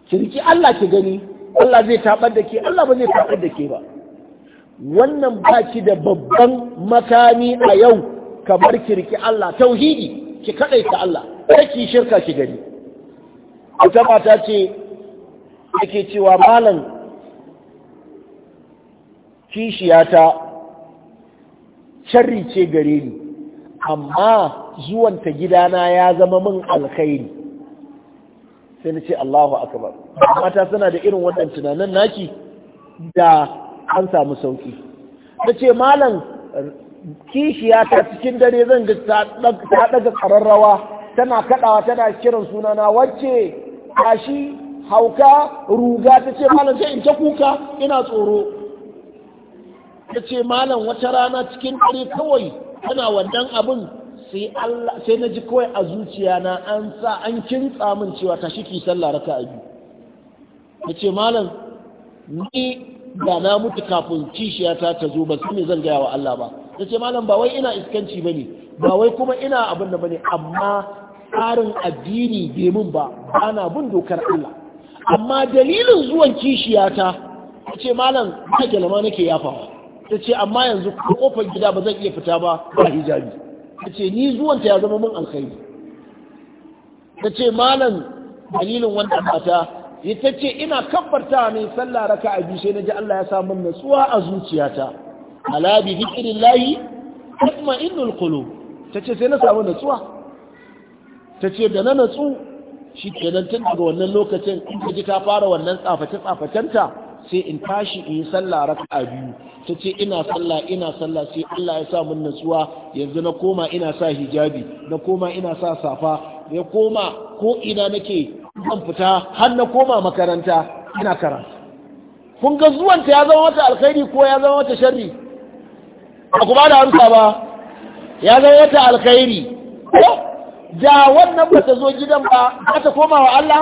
ki Allah ki gani Allah zai tabar da ke Allah ba zai tabar da ke ba wannan ba ki da babban makami a yau kamar ki Allah tauhidi ki kadai ta Allah ki shirka ki gani wata mata ce yake cewa malam kishiyata sharri ce gare ni amma zuwanta gidana ya zama min alkhairi sai na ce Allahu akbar mata suna da irin wannan tunanin naki da an samu sauki nace ce malam kishiya ta cikin dare zan ga ta daga kararrawa tana kadawa tana kiran sunana wacce kashi, hauka ruga tace malam sai in ta kuka ina tsoro ya ce malam wata rana cikin dare kawai tana wannan abin sai na ji kawai a zuciya na an sa an kintsa min cewa ta shi ki sallah raka a biyu ya ce malam ni da na mutu kafin kishiyata ta zo ba su ne zan gaya wa Allah ba ya ce malam ba wai ina iskanci ba ne ba wai kuma ina abin da ba ne amma tsarin addini bai mun ba ana bin dokar Allah amma dalilin zuwan kishiyata ya ce malam ba gyalama nake yafawa ta ce amma yanzu ko kofar gida ba zan iya fita ba ba hijabi ta ce ni zuwanta ya zama min alkhairi ta ce malam dalilin wannan mata ya ta ce ina kabbarta ne sallah raka a bishe na ji Allah ya sa min natsuwa a zuciyata ala bi zikrillahi kuma innul qulub ta ce sai na samu natsuwa ta ce da na natsu shi kenan tun daga wannan lokacin in ji ta fara wannan tsaface tsafacenta sai in tashi in yi sallah raka'a biyu ta ce ina sallah ina sallah sai Allah ya sa mun natsuwa yanzu na koma ina sa hijabi na koma ina sa safa ya koma ko ina nake zan fita har na koma makaranta ina karatu kun ga zuwanta ya zama wata alkhairi ko ya zama wata sharri ba ku ba da amsa ba ya zama wata alkhairi da wannan ba ta zo gidan ba za ta koma wa Allah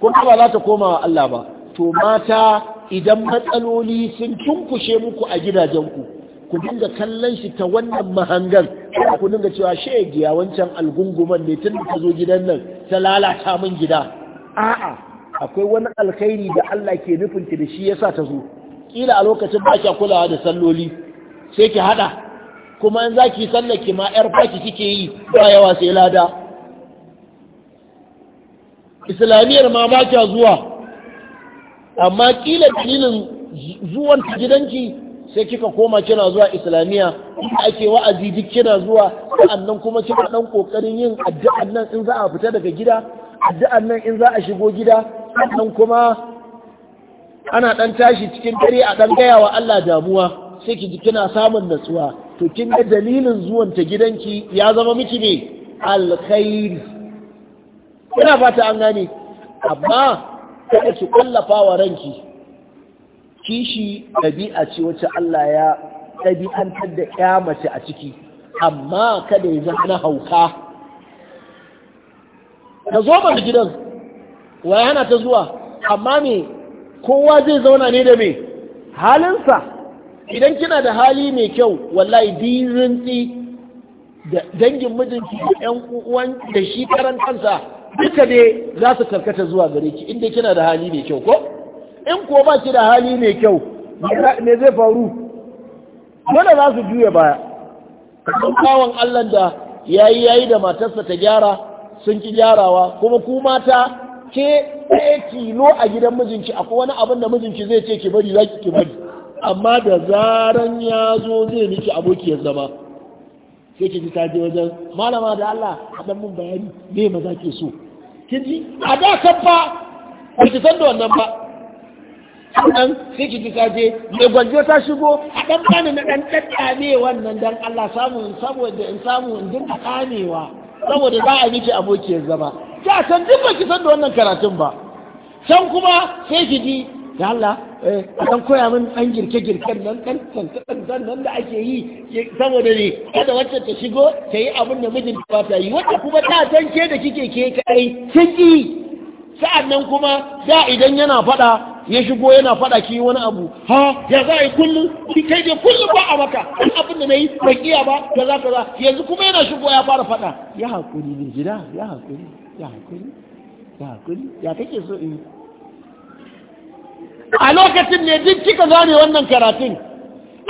ko ba za ta koma wa Allah ba to mata idan matsaloli sun tunkushe muku a gidajenku ku dinga kallon shi ta wannan mahangar ku dinga cewa ya giya wancan algunguman ne tun da zo gidan nan ta lalata min gida a'a akwai wani alkhairi da Allah ke nufin ki da shi yasa ta zo kila a lokacin ba ki kulawa da salloli sai ki hada kuma in zaki sallar ki ma yar faki kike yi ba yawa sai lada islamiyar ma ba kya zuwa amma kila dalilin zuwan gidanki sai kika koma kina zuwa islamiyya ake wa'azi duk kina zuwa sa'annan kuma kina dan kokarin yin addu'an nan in za a fita daga gida addu'an nan in za a shigo gida sannan kuma ana dan tashi cikin dare a dan gaya wa Allah damuwa sai ki kina samun natsuwa to kin ga dalilin zuwan ta gidanki ya zama miki ne alkhairi ina fata an gane amma kada ki kallafa wa ranki kishi dabi'a ce wacce Allah ya ɗabi'antar da ya mace a ciki amma kada ya zama hauka ta zo mana gidan wayana ta zuwa amma me kowa zai zauna ne da me halinsa idan kina da hali mai kyau wallahi dirin da dangin mijinki da uwan da shi karan kansa duka ne za su karkata zuwa gare ki inda kina da hali mai kyau ko in ko ba ki da hali mai kyau me zai faru dole za su juya baya kan kawon Allah da yayi yayi da matarsa ta gyara sun ki gyarawa kuma ku mata ke ɗaya kilo a gidan mijinki akwai wani abin da mijinki zai ce ki bari za ki bari amma da zaran ya zo zai miki abokiyar zama sai ki ji ta je wajen malama da Allah a ɗan mun bayani me maza ke so kiji a da kan fa ba ki san da wannan ba sannan sai ki ji kaje mai gwaje ta shigo a dan bani na dan ne wannan dan Allah samu saboda in samu in dinga kamewa saboda za a miki abokiyar zama ta san duk ba ki san da wannan karatun ba can kuma sai ki ji da Allah Eh, an koya min ɗan girke-girken nan ɗan kankan nan da ake yi saboda ne kada wacce ta shigo ta yi abin da mijin ba ta yi wacce kuma ta san ke da kike ke kai ciki sa'an nan kuma da idan yana fada ya shigo yana faɗa ki wani abu ha ya za a yi kullum ki kai kullum ba a maka abin da na yi ban iya ba ta za ka za yanzu kuma yana shigo ya fara fada ya haƙuri ne gida ya haƙuri ya haƙuri ya haƙuri ya kake so in a lokacin ne duk kika gane wannan karatun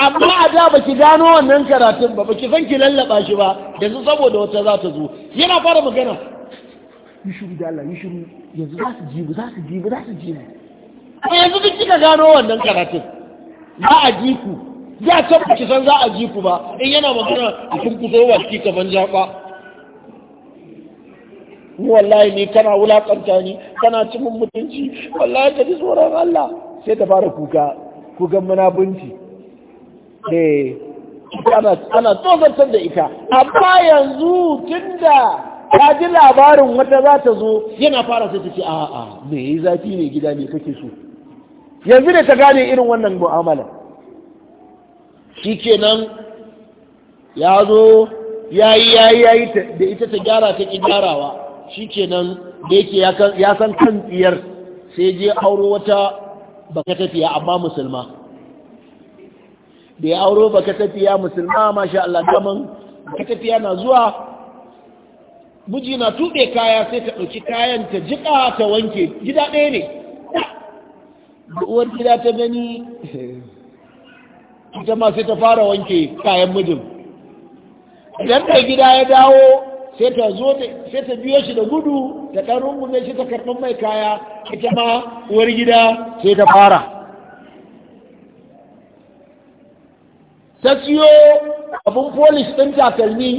amma a da baki gano wannan karatun ba baki san ki lallaba shi ba yanzu saboda wata za ta zo yana fara magana yi shuru da Allah yi shuru yanzu za su jibu za su jibu za su jibu a yanzu duk kika gano wannan karatun za a ji ku ya can ki san za a ji ku ba in yana magana a kun ku zo ki kaman jaba ni wallahi ne kana wulakanta ni kana cimin mutunci wallahi ka ji tsoron Allah sai ta fara kuka kukan munafunci eh ana tsofatar da ita amma yanzu tinda. ta ji labarin wata za ta zo yana fara sai ta ce a a me yi zafi ne gida ne kake so yanzu da ta gane irin wannan mu'amala shikenan ya zo yayi yayi yi da ita ta gyara ta ki gyarawa shikenan da yake ya san kan tsiyar sai je auro wata ka tafiya amma musulma da ya auro ka tafiya musulma masha Allah daman ka tafiya na zuwa buji na tuɓe kaya sai ta ɗauki kayan ta jiƙa ta wanke gida ɗaya ne da uwar gida ta gani ita ma sai ta fara wanke kayan mijin idan da gida ya dawo sai ta zo sai ta biyo shi da gudu da ɗan rungume shi ta karɓar mai kaya ita ma uwar gida sai ta fara ta siyo abin polis ɗin takalmi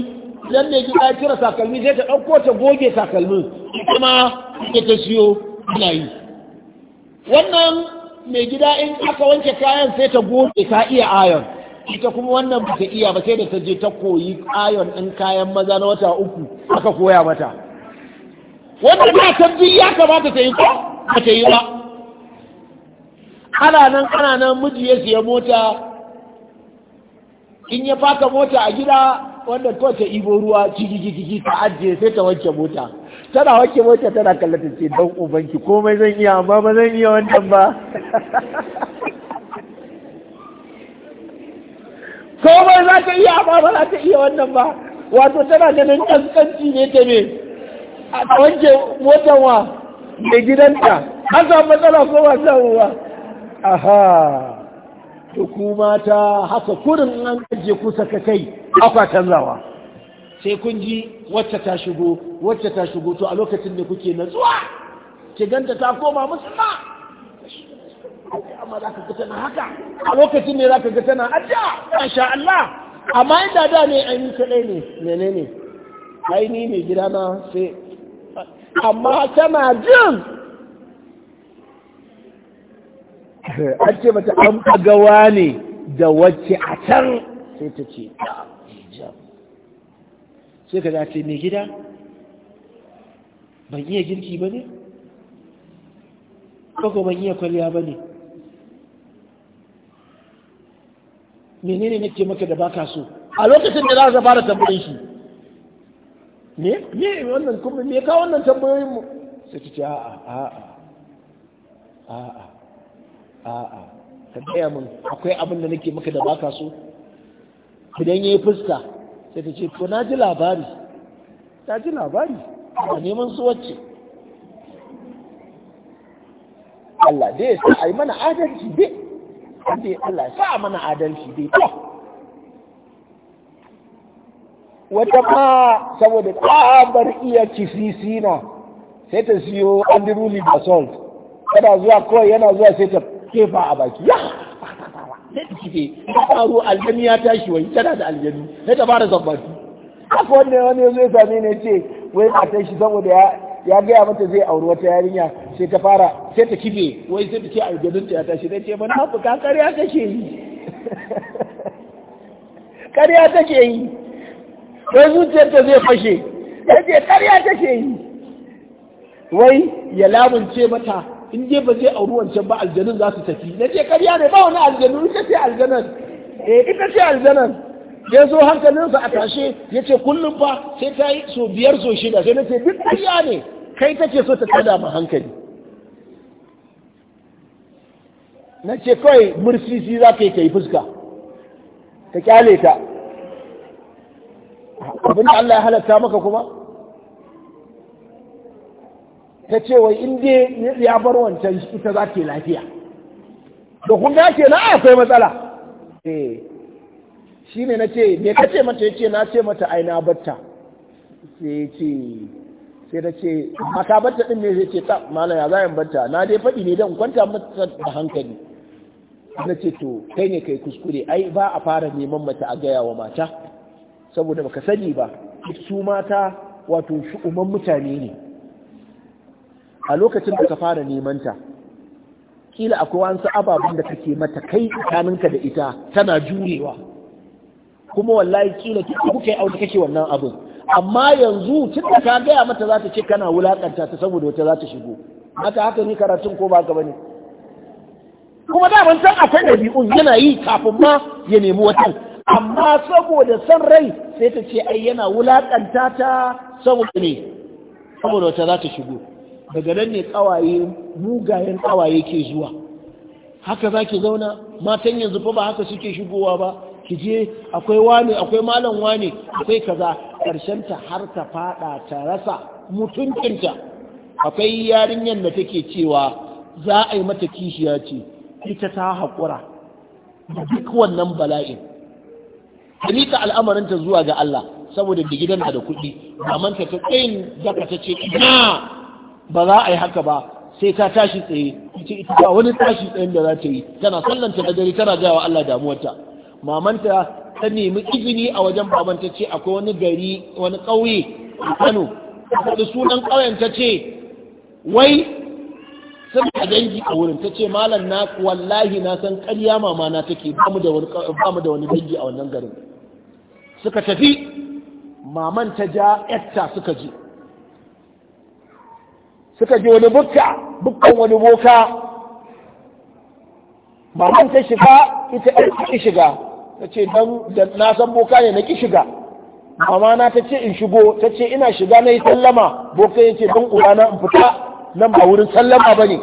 idan mai gida ya cire takalmi sai ta ɗauko ta goge takalmin ita ma ita ta siyo yi wannan mai gida in aka wanke kayan sai ta goge ta iya ayon ita kuma wannan ba iya ba sai da ta je ta koyi ayon ɗin kayan maza na wata uku aka koya mata wanda ba ta bi ya kamata ta yi ko ba ta yi ba ana nan ana nan miji ya siya mota in ya faka mota a gida wanda ko ta ibo ruwa ciki-ciki ta ajiye sai ta wanke mota tana wanke mota tana kallata ce dan ubanki komai zan iya amma ba zan iya wannan ba komai za ta iya amma ba za ta iya wannan ba wato tana ganin kaskanci ne ta me a wanke motan wa da gidanta an samu matsala ko ba samu ba aha to ku mata haka kurin an kaje kusa ka kai akwa canzawa sai kun ji wacce ta shigo wacce ta shigo to a lokacin da kuke natsuwa ki ganta ta koma musulma amma za ka ga tana haka a lokacin ne za ka ga tana adda masha Allah amma inda da ne ainihin kaɗai ne menene ainihi ne gida na sai amma tana jin an ce mata an gawa ne da wacce a can sai ta ce ta ah, hijab sai ka za ce mai gida ban iya girki ba ne? ko ban iya kwalliya ba ne? menene nake maka da baka so a lokacin da za ka fara tambayin shi me me wannan kuma me ka wannan tambayoyin mu sai ta ce a'a a'a a'a a'a ka gaya min akwai abin da nake maka da baka so idan yayi fuska sai ta ce to na ji labari ta ji labari a neman su wacce Allah dai ya sa a yi mana adalci dai dai Allah sa mana adalci dai to wata ma saboda kabar iya kisisina sai ta siyo andiruli basalt kada zuwa kawai yana zuwa sai ta kefa a baki ya ta kike aljani ya tashi wai tana da aljani sai ta fara zambaki haka wanda wani zai ne ce wai a tashi saboda ya gaya mata zai auri wata yarinya sai ta fara sai ta kife wai sai ta ce aljanun ta ya tashi sai ce mana haɓu ka ƙarya take yi ƙarya take yi wai zuciyar ta zai fashe sai ce ƙarya take yi wai ya lamunce mata in je ba zai auri wancan ba aljanun za su tafi na ce karya ne ba wani aljanu ita ce aljanan eh ita ce aljanan ya zo hankalinsa a tashe ya ce kullum fa sai ta yi so biyar so shida sai na ce duk karya ne kai take so ta tada ma hankali na ce kawai mursisi za ka yi ka yi fuska ka kyale ta abin da Allah ya halatta maka kuma ta ce wai inda ya bar wancan ita za ke lafiya da kun ga ke na akwai matsala eh shi ne na ce me ka ce mata ya ce na ce mata aina na batta sai ce sai na ce maka batta din ne zai ce ta malaya ya za batta na dai faɗi ne don kwanta mata da hankali na ce to kai ne kai kuskure ai ba a fara neman mata a gaya wa mata saboda baka sani ba su mata wato shu'uman mutane ne a lokacin da ka fara neman ta kila akwai wasu ababen da kake mata kai tsakaninka da ita tana jurewa kuma wallahi kila kuka yi aure kake wannan abin amma yanzu tun da ka gaya mata za ta ce kana wulakanta ta saboda wata za ta shigo mata haka ne karatun ko ba ka bane kuma daman san a akwai ɗabi'un yana yi kafin ma ya nemi watan amma saboda san rai sai ta ce ai yana wulaƙanta ta saboda ne saboda wata za ta shigo daga nan ne ƙawaye mugayen ƙawaye ke zuwa haka za ki zauna matan yanzu fa ba haka suke shigowa ba ki je akwai wane akwai malam wane akwai kaza ƙarshen ta har ta faɗa ta rasa mutuncinta akwai yarinyar da take cewa za a yi mata kishiya ce ita ta haƙura da duk wannan bala'in ta al'amarin al'amarinta zuwa ga Allah saboda gidan da kuɗi mamanta ta tsayin daga ta ce ina ba za a yi haka ba sai ta tashi tsaye ita ita ba wani tashi tsayin da za ta yi tana sallanta da dare tana wa Allah damuwarta mamanta ta nemi izini a wajen babanta ce akwai wani gari wani ƙauye a Kano da sunan ƙauyen ta ce wai suna dangi a wurin ta ce malam na wallahi na san ƙarya mama na take ba mu da wani dangi a wannan garin suka tafi maman ta ja yatta suka je suka je wani bukka bukkan wani boka maman ta shiga ita ɗan ƙi shiga ta ce don na san boka ne na ƙi shiga mama na ta ce in shigo ta ce ina shiga na yi sallama boka ya ce don ƙura na in fita nan ba wurin sallama ba ne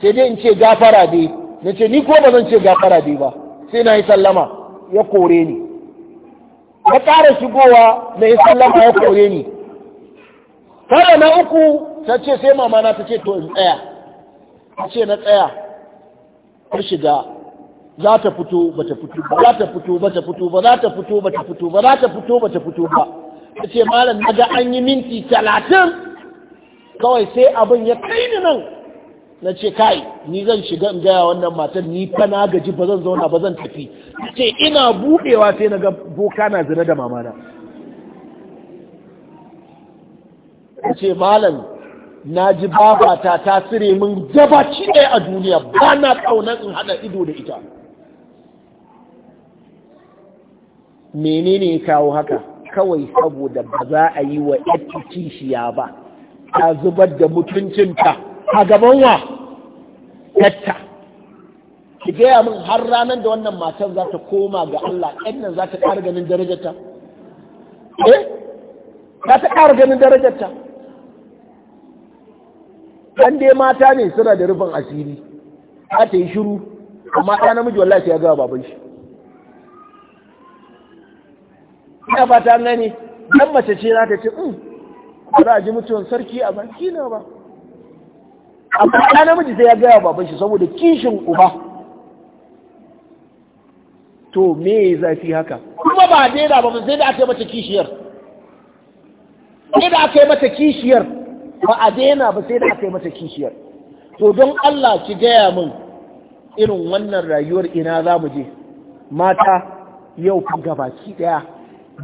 sai dai in ce gafara dai na ce ni ko ba zan ce gafara dai ba sai na yi sallama ya kore ni ya ƙara shigowa na yi sallama ya kore ni kare na uku ta ce sai mama ta ce to in tsaya ta ce na tsaya ta shiga za ta fito ba ta fito ba za ta fito ba ta fito ba za ta fito ba ta fito ba za ta fito ba ta fito ba ta ce malam na ga an yi minti talatin kawai sai abin ya kai ni nan na ce kai ni zan shiga in gaya wannan matan ni fa na gaji ba zan zauna ba zan tafi ce ina buɗewa sai na ga boka na zina da mamana na ce malam na ji babata ta tsire min gabaci ɗaya a duniya ba na ƙaunar in haɗa ido da ita menene ya kawo haka kawai saboda ba za a yi wa ya ba ta zubar da mutuncinta a gaban wa yatta ki gaya min har ranar da wannan matar za ta koma ga Allah ɗan nan za ta ƙara ganin darajarta eh za ta ƙara ganin darajarta ɗan dai mata ne suna da rufin asiri za ta yi shiru amma ɗan namiji wallahi sai ya gaba baban shi ina fata ne dan mace ce za ta ce mm, za a ji mutuwan sarki a na ba amma na namiji sai ya gaya baban shi saboda kishin uba to me zafi haka kuma ba daina ba sai da aka yi mata kishiyar sai da aka yi mata kishiyar ba a daina ba sai da aka yi mata kishiyar to don Allah ki gaya min irin wannan rayuwar ina za mu je mata yau gabaki daya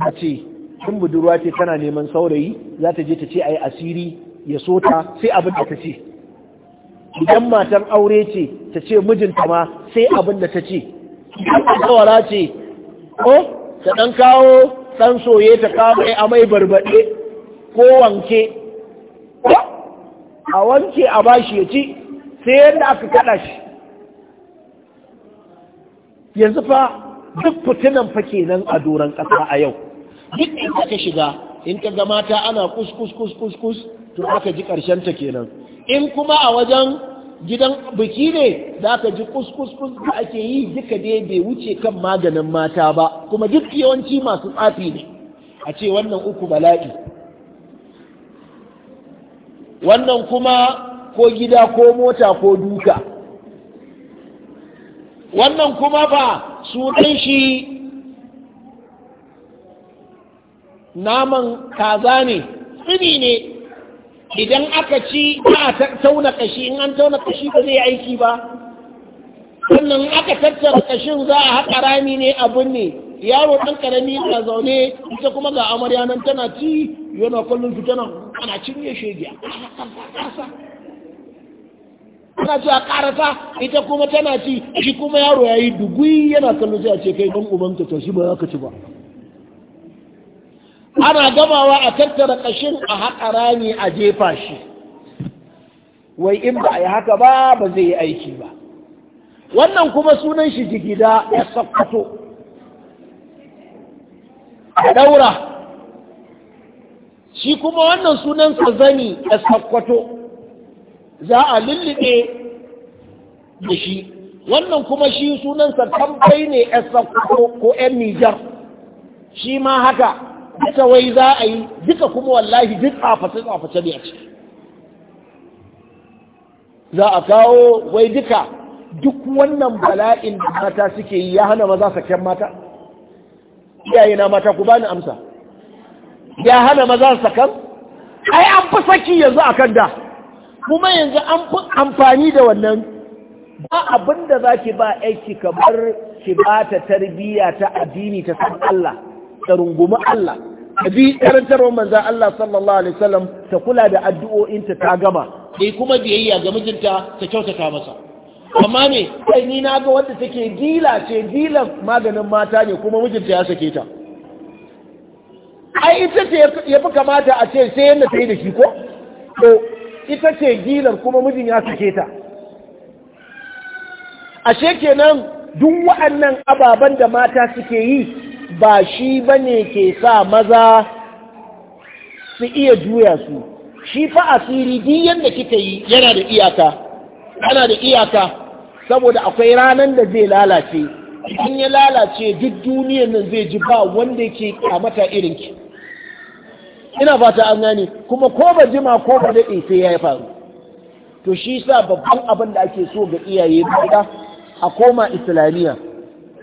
a ce in budurwa ce tana neman saurayi za ta je ta ce a yi asiri ya so ta sai abin da ta ce idan matan aure ce ta ce mijinta ma sai abin da ta ce idan kawara ce ko ta ɗan kawo ɗan soye ta kawo a mai barbaɗe ko wanke a wanke a ba shi ya ci sai yadda aka kaɗa shi yanzu fa duk fitinan fa kenan a doron ƙasa a yau duk in aka shiga in ka ga mata ana kuskus kuskus kus to aka ji karshen ta kenan in kuma a wajen gidan biki ne za ka ji kuskus kus da ake yi duka dai bai wuce kan maganin mata ba kuma duk yawanci masu tsafi ne a ce wannan uku bala'i wannan kuma ko gida ko mota ko duka wannan kuma ba ɗan shi naman kaza ne tsibi ne idan aka ci ba a tauna kashi in an tauna kashi ba zai aiki ba sannan aka tattara kashin za a haƙa rami ne abin ne yaro ɗan ƙarami na zaune ita kuma ga amarya nan tana ci yana kullum su tana ana cinye shegiya ana a karasa ita kuma tana ci shi kuma yaro ya yi dugui yana kallon sai a ce kai ɗan ubanta ta shi ba za kaci ba ana gamawa a tattara ƙashin a haƙa rami a jefa shi wai in ba a yi haka ba ba zai yi aiki ba wannan kuma sunan shi jigida ya sakkato a daura shi kuma wannan sunansa zani ya sakkato za a lullube da shi wannan kuma shi sunansa tambayi ne ya sakkato ko yan nijar shi ma haka ita wai za a yi duka kuma wallahi duk tsaface-tsaface ne a ce za a kawo wai duka duk wannan bala'in da mata suke yi ya hana maza saken mata iyaye na mata ku bani amsa ya hana maza sakan ai an fi saki yanzu a kan da kuma yanzu an fi amfani da wannan ba abin da za ki ba aiki kamar ki ba ta tarbiyya ta addini ta san Allah Da rungumi Allah ka bi karantarwar manzan Allah sallallahu alaihi wasallam ta kula da addu'o'inta ta gama sai kuma biyayya ga mijinta ta kyautata masa amma ne kai ni na ga wanda take dila ce dila maganin mata ne kuma mijinta ya sake ta ai ita ce ya fi kamata a ce sai yadda ta yi da shi ko to ita ce gilar kuma mijin ya sake ta ashe kenan duk waɗannan ababen da mata suke yi ba shi ba ne ke sa maza su iya juya su shi fa asiri duk yadda kika yi yana da iyaka ana da iyaka saboda akwai ranar da zai lalace in ya lalace duk duniyar nan zai ji ba wanda ke kamata irinki ina fata an gani. kuma ko ba jima ko ba daɗe sai ya faru to shi sa babban abin da ake so ga iyaye ba a koma islamiyya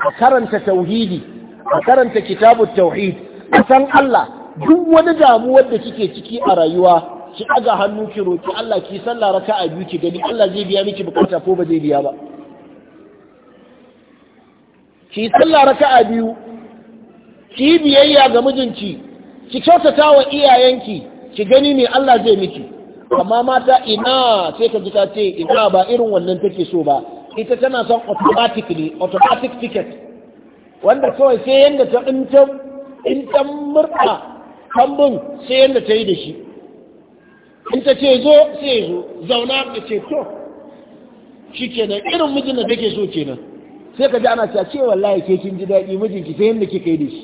a karanta tauhidi a karanta kitabu tauhid a san Allah duk wani damuwar da kike ciki a rayuwa ki aga hannu ki roki Allah ki sallah raka'a biyu ki gani Allah zai biya miki bukata ko ba zai biya ba ki sallah raka'a biyu ki biyayya ga mijinki ki kyautata wa iyayenki ki gani ne Allah zai miki amma mata ina sai ka ji ta ce ina ba irin wannan take so ba ita tana son automatic ne automatic ticket wanda kawai sai yadda ta in ta murɗa kambun sai yadda ta yi da shi in ta ce zo sai zo zauna da ce to shi kenan irin mijin da take so kenan sai ka ji ana cewa ce wallahi ke kin ji daɗi mijinki sai yadda kika yi da shi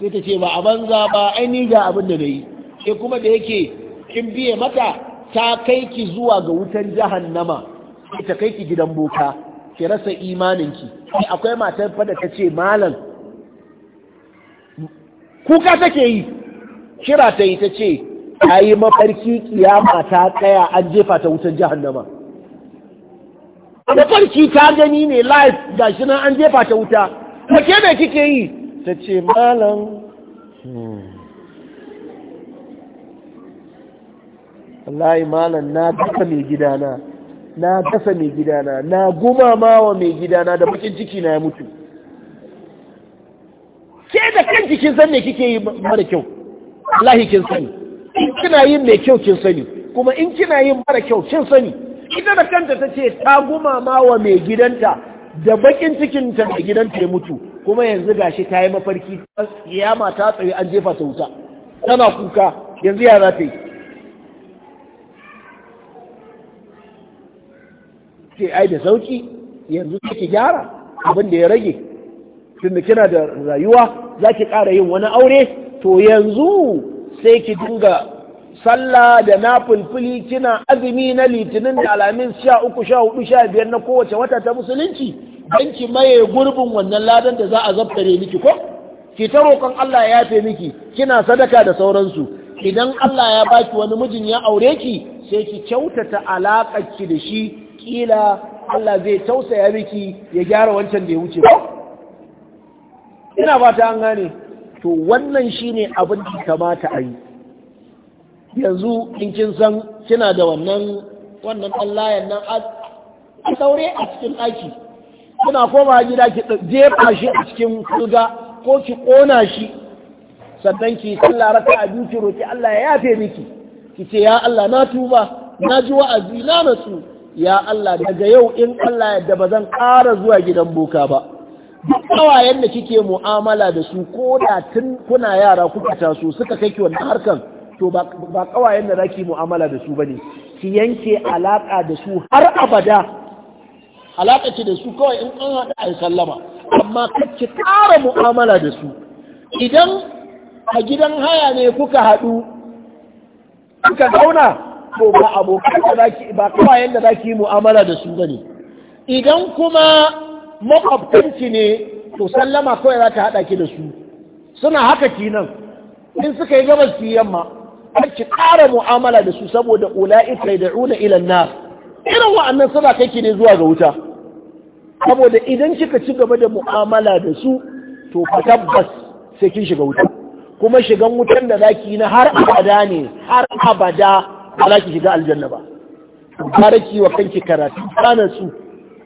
sai ta ce ba a banza ba aini ga abin da na yi sai kuma da yake in biye mata ta kai ki zuwa ga wutan jahannama sai ta kai ki gidan boka ki rasa imaninki akwai matar fa da ta ce malam kuka take yi kira ta yi ta ce ta yi mafarki kiyama ta tsaya an jefa ta wutar jahannama mafarki ta gani ne live gashi nan an jefa ta wuta ke me kike yi ta ce malam yi hmm, malam na duka mai gidana na dasa mai gidana na gumama wa mai gidana da bakin ciki na ya mutu ke da kanki kin sani kike yi mara kyau lahi kin sani in kina yin mai kyau kin sani kuma in kina yin mara kyau kin sani ita da kanta ta ce ta gumama wa mai gidanta da bakin cikin ta mai gidanta ya mutu kuma yanzu gashi ta yi mafarki ya ta tsaye an jefa ta wuta tana kuka yanzu ya ta yi ce ai da sauki yanzu ki gyara abin da ya rage da kina da rayuwa za ki ƙara yin wani aure to yanzu sai ki dinga sallah da na fulfuli kina azumi na litinin da alamin sha uku sha hudu sha biyar na kowace wata ta musulunci don ki maye gurbin wannan ladan da za a zabtare miki ko ki ta roƙon Allah ya yafe miki kina sadaka da sauransu idan Allah ya baki wani mijin ya aure ki sai ki kyautata alaƙar ki da shi kila Allah zai tausaya miki ya gyara wancan da ya wuce ba ina ba ta an gane to wannan shine abin da kamata a yi yanzu in kin san kina da wannan wannan ya nan a saure a cikin aiki. kuna koma gida ki jefa shi a cikin kulga ko ki ƙona shi sannan ki sallah raka a biyu ki roki Allah ya yafe miki ki ce ya Allah na tuba na ji wa'azi na natsu ya Allah daga yau in Allah yadda ba zan ƙara zuwa gidan boka ba duk kawayen da kike mu'amala da su ko da tun kuna yara kuka taso suka kai ki wannan harkan to ba kawayen da zaki mu'amala da su bane ki yanke alaka da su har abada alaka ki da su kawai in an haɗa a sallama amma ki ƙara mu'amala da su idan a gidan haya ne kuka haɗu kuka zauna ko ba abokan da zaki ba kawayen da zaki mu'amala da su bane idan kuma makwabtanki ne to sallama kawai za ta haɗa ki da su suna haka kinan in suka yi gabas ki yamma har ki ƙara mu'amala da su saboda ula'ika da una ilan na irin wa'annan suna kai ki ne zuwa ga wuta saboda idan kika ci gaba da mu'amala da su to fa tabbas sai kin shiga wuta kuma shigan wutan da zaki na har abada ne har abada ba ki shiga aljanna ba baraki wa kanki karatu kana su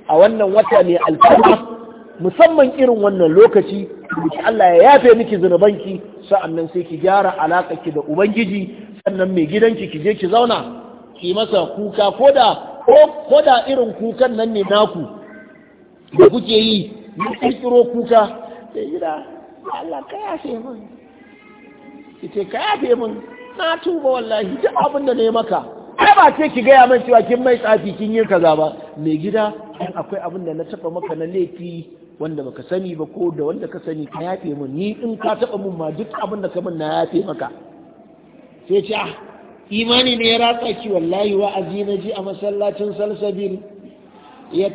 a wannan wata ne alfarma musamman irin wannan lokaci da Allah ya yafe miki zunubanki sa'annan sai ki gyara ki da ubangiji sannan mai gidanki ki je ki zauna ki masa kuka koda ko da irin kukan nan ne naku da kuke yi ni kirkiro kuka da gida Allah ka yafe min ki ce ka yafe min na tuba wallahi duk abin da na yi maka ai ba ce ki gaya min cewa kin mai tsafi kin yi kaza ba mai gida akwai abin da na taba maka na laifi wanda baka sani ba ko da wanda ka sani ka yafe min ni in ka taba min ma duk abin da ka min na yafe maka sai ce ah imani ne ya ratsa ki wallahi wa na ji a masallacin salsabil ya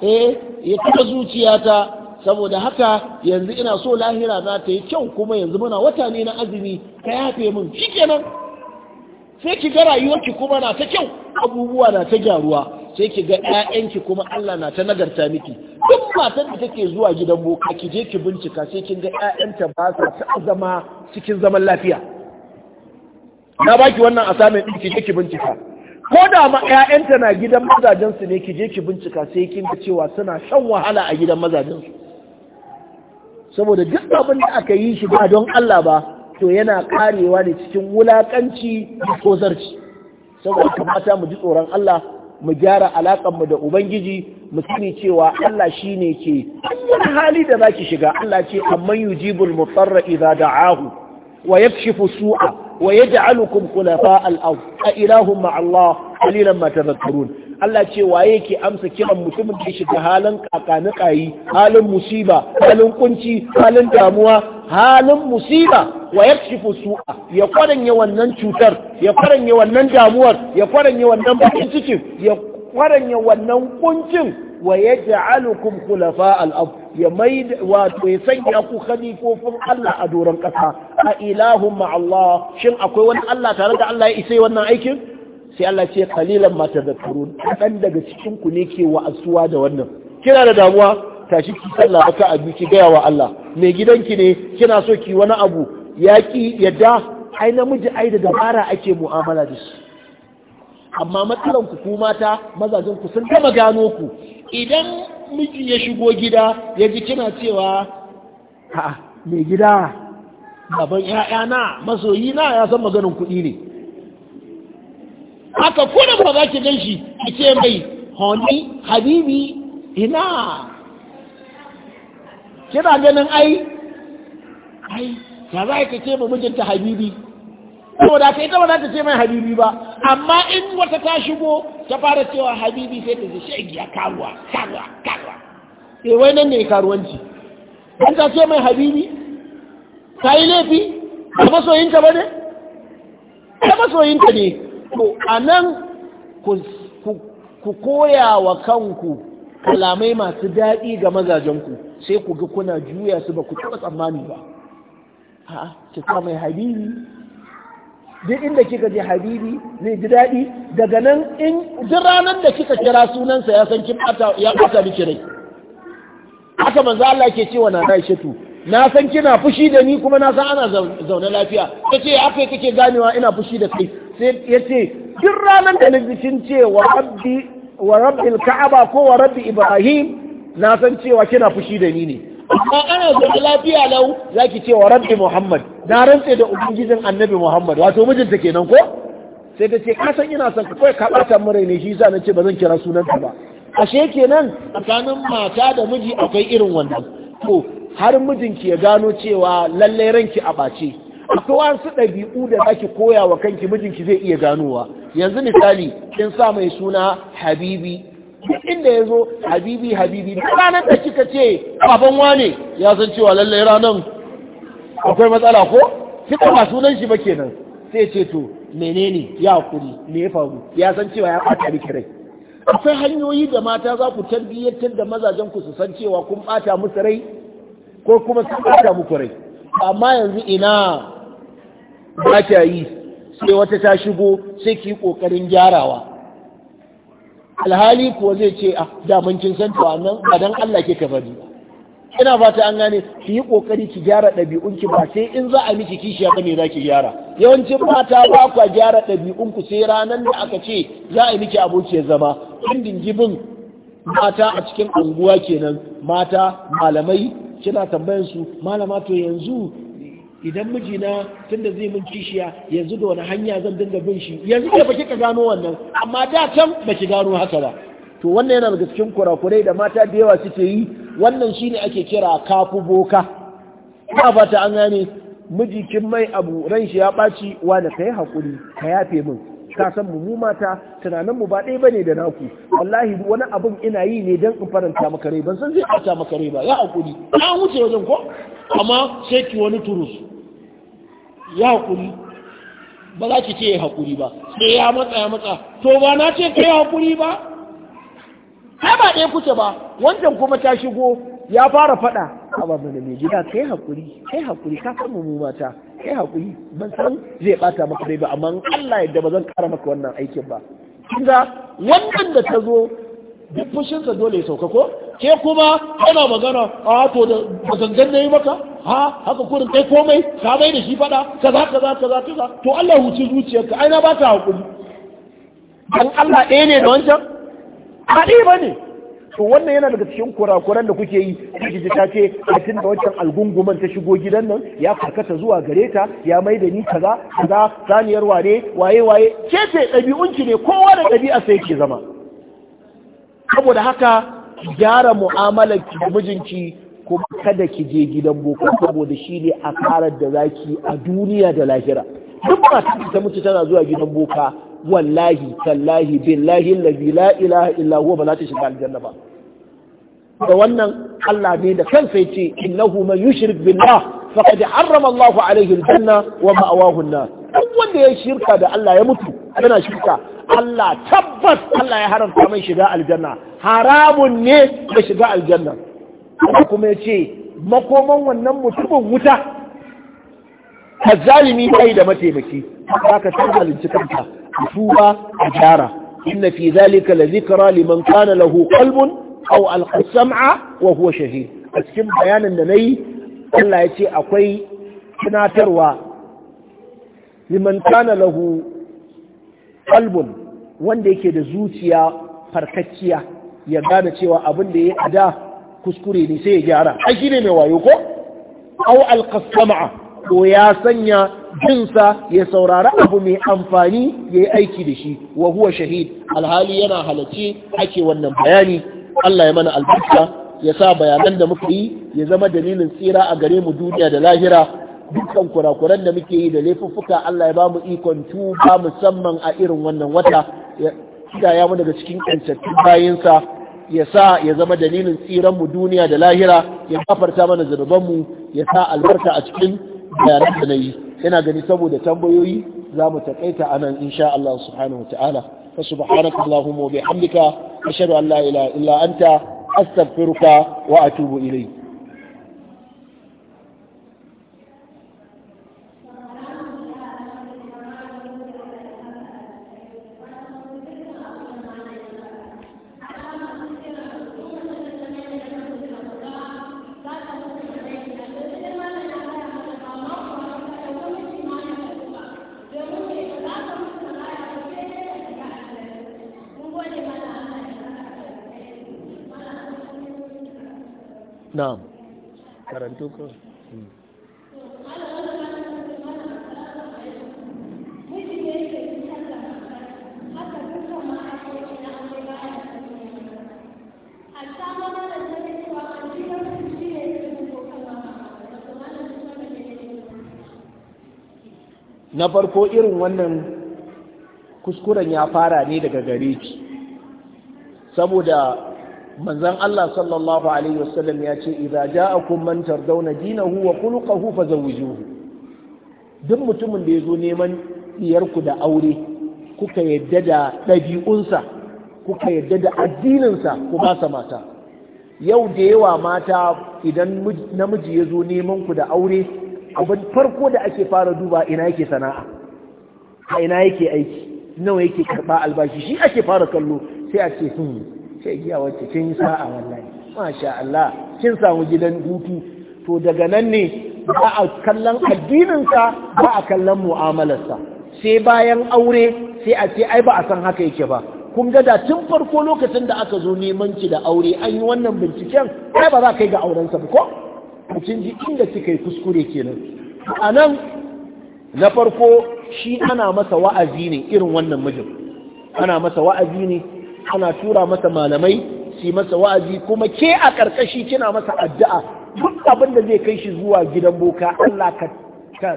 eh ya taba zuciyata saboda haka yanzu ina so lahira na ta yi kyau kuma yanzu muna wata ne na azumi ka yafe min kenan sai ki ga rayuwarki kuma na ta kyau abubuwa na ta gyaruwa sai ki ga ƴaƴanki kuma Allah na ta nagarta miki duk matan da take zuwa gidan boka ki je ki bincika sai kin ga ƴaƴanta ba sa ta zama cikin zaman lafiya na baki wannan assignment ɗin ki je ki bincika ko da ma ƴaƴanta na gidan mazajensu ne ki je ki bincika sai kin ga cewa suna shan wahala a gidan mazajensu saboda duk abin da aka yi shi ba don Allah ba to yana karewa ne cikin wulakanci ko zarci saboda kamata mu ji tsoron Allah mu gyara alaƙar mu da ubangiji mu sani cewa Allah shine ke wani hali da zaki shiga Allah ce amma yujibul mutarra idza da'ahu wa yakshifu su'a wa yaj'alukum khulafa al-ard a ilahum ma'a Allah qalilan ma tadhakkarun Allah ce waye ke amsa kiran mutumin da ya shiga halin kakani kayi halin musiba halin kunci halin damuwa halin musiba wa yakshifu su'a ya kwaranye wannan cutar ya kwaranye wannan damuwar ya kwaranye wannan bakin cikin ya kwaranye wannan kuncin wa yaj'alukum khulafa al ya mai wato ya sanya ku khalifofin Allah a doron kasa a ilahum ma Allah shin akwai wani Allah tare da Allah ya isa wannan aikin sai Allah ce kalilan da tadhakkarun dan daga cikin ku ne ke wa'asuwa da wannan kina da damuwa tashi ki sallah baka abu ki gaya wa Allah mai gidanki ne kina so ki wani abu yaki yadda ai namiji ai da dabara ake mu'amala da shi amma matsalan ku kuma ta mazajen ku sun gama gano ku idan miji ya shigo gida ya ji kina cewa ha mai gida baban 'ya'yana masoyi na ya san maganin kuɗi ne haka ko da ba za ki gan shi ki ce mai honi habibi ina kina ganin ai ai ta za ka ce ba mijinta habibi Ko da ka yi ba za ta ce mai habibi ba amma in wata ta shigo ta fara cewa habibi sai ta zai shegi ya karuwa karuwa karuwa E wai nan ne karuwanci an ta ce mai habibi ka yi laifi ba masoyinta ba ne ba masoyinta ne to a nan ku koya wa kanku kalamai masu daɗi ga mazajenku sai ku ga kuna juya su ba ku taɓa tsammani ba ha ki sa mai habibi duk inda kika ji habibi zai ji daɗi daga nan in duk ranar da kika kira sunansa ya san kin ya ɓata miki rai haka manzo Allah ke cewa na Aishatu na san kina fushi da ni kuma na san ana zaune lafiya ta ce yi kake ganewa ina fushi da kai sai ya ce duk ranar da nazikin ce wa rabbi wa ka'aba ko wa rabbi ibrahim na san cewa kina fushi da ni ne amma ana zaune lafiya lau zaki ce wa rabbi muhammad na rantse da ubangijin annabi muhammad wato mijinta kenan ko sai ta ce ka san ina son ka kai ka bata mu ne shi yasa ce ba zan kira sunanka ba ashe kenan tsakanin mata da miji akwai irin wannan to har mijinki ya gano cewa lallai ranki a ɓace akwai su ɗabi'u da zaki koya wa kanki mijinki zai iya ganowa yanzu misali kin sa mai suna habibi inda ya zo habibi habibi ranar da kika ce baban wane ya san cewa lallai ranar akwai matsala ko kika ba sunan shi ba kenan sai ce to menene ya kuri me ya faru ya san cewa ya ɓata miki rai akwai hanyoyi da mata za ku tarbiyyantar da mazajen ku su san cewa kun bata musu rai ko kuma sun bata muku rai amma yanzu ina ba ta yi sai wata ta shigo sai ki kokarin gyarawa alhali kuwa zai ce a ah, daman kin san cewa nan ba dan Allah ke ka bari ina fata an gane ki yi kokari ki gyara ɗabi'unki ba sai in za a miki kishiya ya ne zaki gyara yawancin mata ba kwa gyara ɗabi'unku sai ranar da aka ce za a miki abokiyar zama endin gibin mata a cikin unguwa kenan mata malamai kina tambayan su malama to yanzu idan mijina tun da zai mun kishiya yanzu da wani hanya zan dinga bin shi yanzu da baki ka gano wannan amma da can ki gano haka ba to wannan yana daga cikin kurakurai da mata da yawa suke yi wannan shine ake kira kafu boka ba fata an gane miji kin mai abu ran shi ya baci wani kai hakuri ka yafe min ka san mu mata tunanin mu ba ɗaya bane da naku wallahi wani abun ina yi ne dan in faranta maka rai ban san zai ɓata maka rai ba ya hakuri an wuce wajen ko amma sai ki wani turus ya hakuri ba za ki ce ya hakuri ba sai ya matsa ya matsa to ba na ce ka ya hakuri ba kai ba ɗaya kuce ba wancan kuma ta shigo ya fara faɗa amma mana mai gida kai hakuri kai hakuri ka san mu mata kai hakuri ban san zai bata maka dai ba amma Allah yadda ba zan kara maka wannan aikin ba kinga wannan da ta zo duk sa dole ya sauka ko ke kuma ana magana a to da gangan na maka ha haka kurin kai komai ka bai da shi fada kaza kaza kaza kaza to Allah huci zuciyarka ai na ta hakuri dan Allah ɗaya ne da wancan ba ɗaya bane to wannan yana daga cikin kurakuran da kuke yi kiji ta ce a tun da wancan algunguman ta shigo gidan nan ya karkata zuwa gare ta ya mai da ni kaza kaza saniyar wane waye waye ce ɗabi'un ɗabi'unki ne kowa da ɗabi'a sai ke zama saboda haka ki gyara mu'amalar ki da mijinki kuma kada ki je gidan boko saboda shi ne a karar da zaki a duniya da lahira duk ba ta mutu tana zuwa gidan boka wallahi tallahi billahi allazi la ilaha illa huwa ba za ta shiga aljanna ba da wannan Allah ne da kansa yace innahu man yushrik billah faqad harrama Allahu alaihi aljanna wa ma'awahu an-nar duk wanda ya shirka da Allah ya mutu yana shirka Allah tabbas Allah ya haramta mai shiga aljanna haramun ne ya shiga aljanna kuma yace makoman wannan mutumin wuta azzalimi bai da mataimaki haka ta zalunci kanta a tuba a gyara inna fi zalika la zikra liman kana lahu qalbun aw alqa sam'a wa huwa shahid a cikin bayanin da nayi Allah ya ce akwai tunatarwa liman kana lahu qalbun wanda yake da zuciya farkakkiya ya gane cewa abin da ya ada kuskure ne sai ya gyara ai shine mai wayo ko aw alqa sam'a ko ya sanya jinsa ya saurari abu mai amfani ya yi aiki da shi wa huwa shahid alhali yana halarci ake wannan bayani Allah ya mana albarka ya sa bayanan da muka yi ya zama dalilin tsira a gare mu duniya da lahira dukkan kurakuran da muke yi da laifuffuka Allah ya ba mu ikon tuba musamman a irin wannan wata ya kidaya mu daga cikin ƴancattun bayinsa ya sa ya zama dalilin tsiran mu duniya da lahira ya gafarta mana zunubanmu ya sa albarka a cikin bayanan da na yi yana gani saboda tambayoyi za mu taƙaita a nan insha Allah subhanahu wa ta'ala fa subhanaka allahumma wa bihamdika ashhadu an la ilaha illa anta astaghfiruka wa atubu ilayk na'am karanto ko hmm. na farko irin wannan kuskuren ya fara ne daga gare ki saboda manzon Allah sallallahu alaihi wasallam ya ce idza ja'akum man tardauna dinahu wa khuluquhu hu? duk mutumin da ya zo neman diyarku da aure kuka yadda da ɗabi'unsa kuka yadda da addininsa ku ba sa mata yau da yawa mata idan namiji ya zo neman ku da aure abin farko da ake fara duba ina yake sana'a a ina yake aiki nawa yake karɓa albashi shi ake fara kallo sai a ce hmm, ce giya wacce kin sa'a wallahi masha Allah kin samu gidan hutu to daga nan ne ba a kallon addininsa ba a kallon mu'amalarsa sai bayan aure sai a ce ai ba a san haka yake ba kun ga da tun farko lokacin da aka zo neman ki da aure an yi wannan binciken ai ba za ka yi ga aurensa ba ko mutum ji inda kika yi kuskure kenan a nan na farko shi ana masa wa'azi ne irin wannan mijin ana masa wa'azi ne ana tura masa malamai su masa wa'azi kuma ke a ƙarƙashi kina masa addu'a duk abin da zai kai shi zuwa gidan boka Allah ka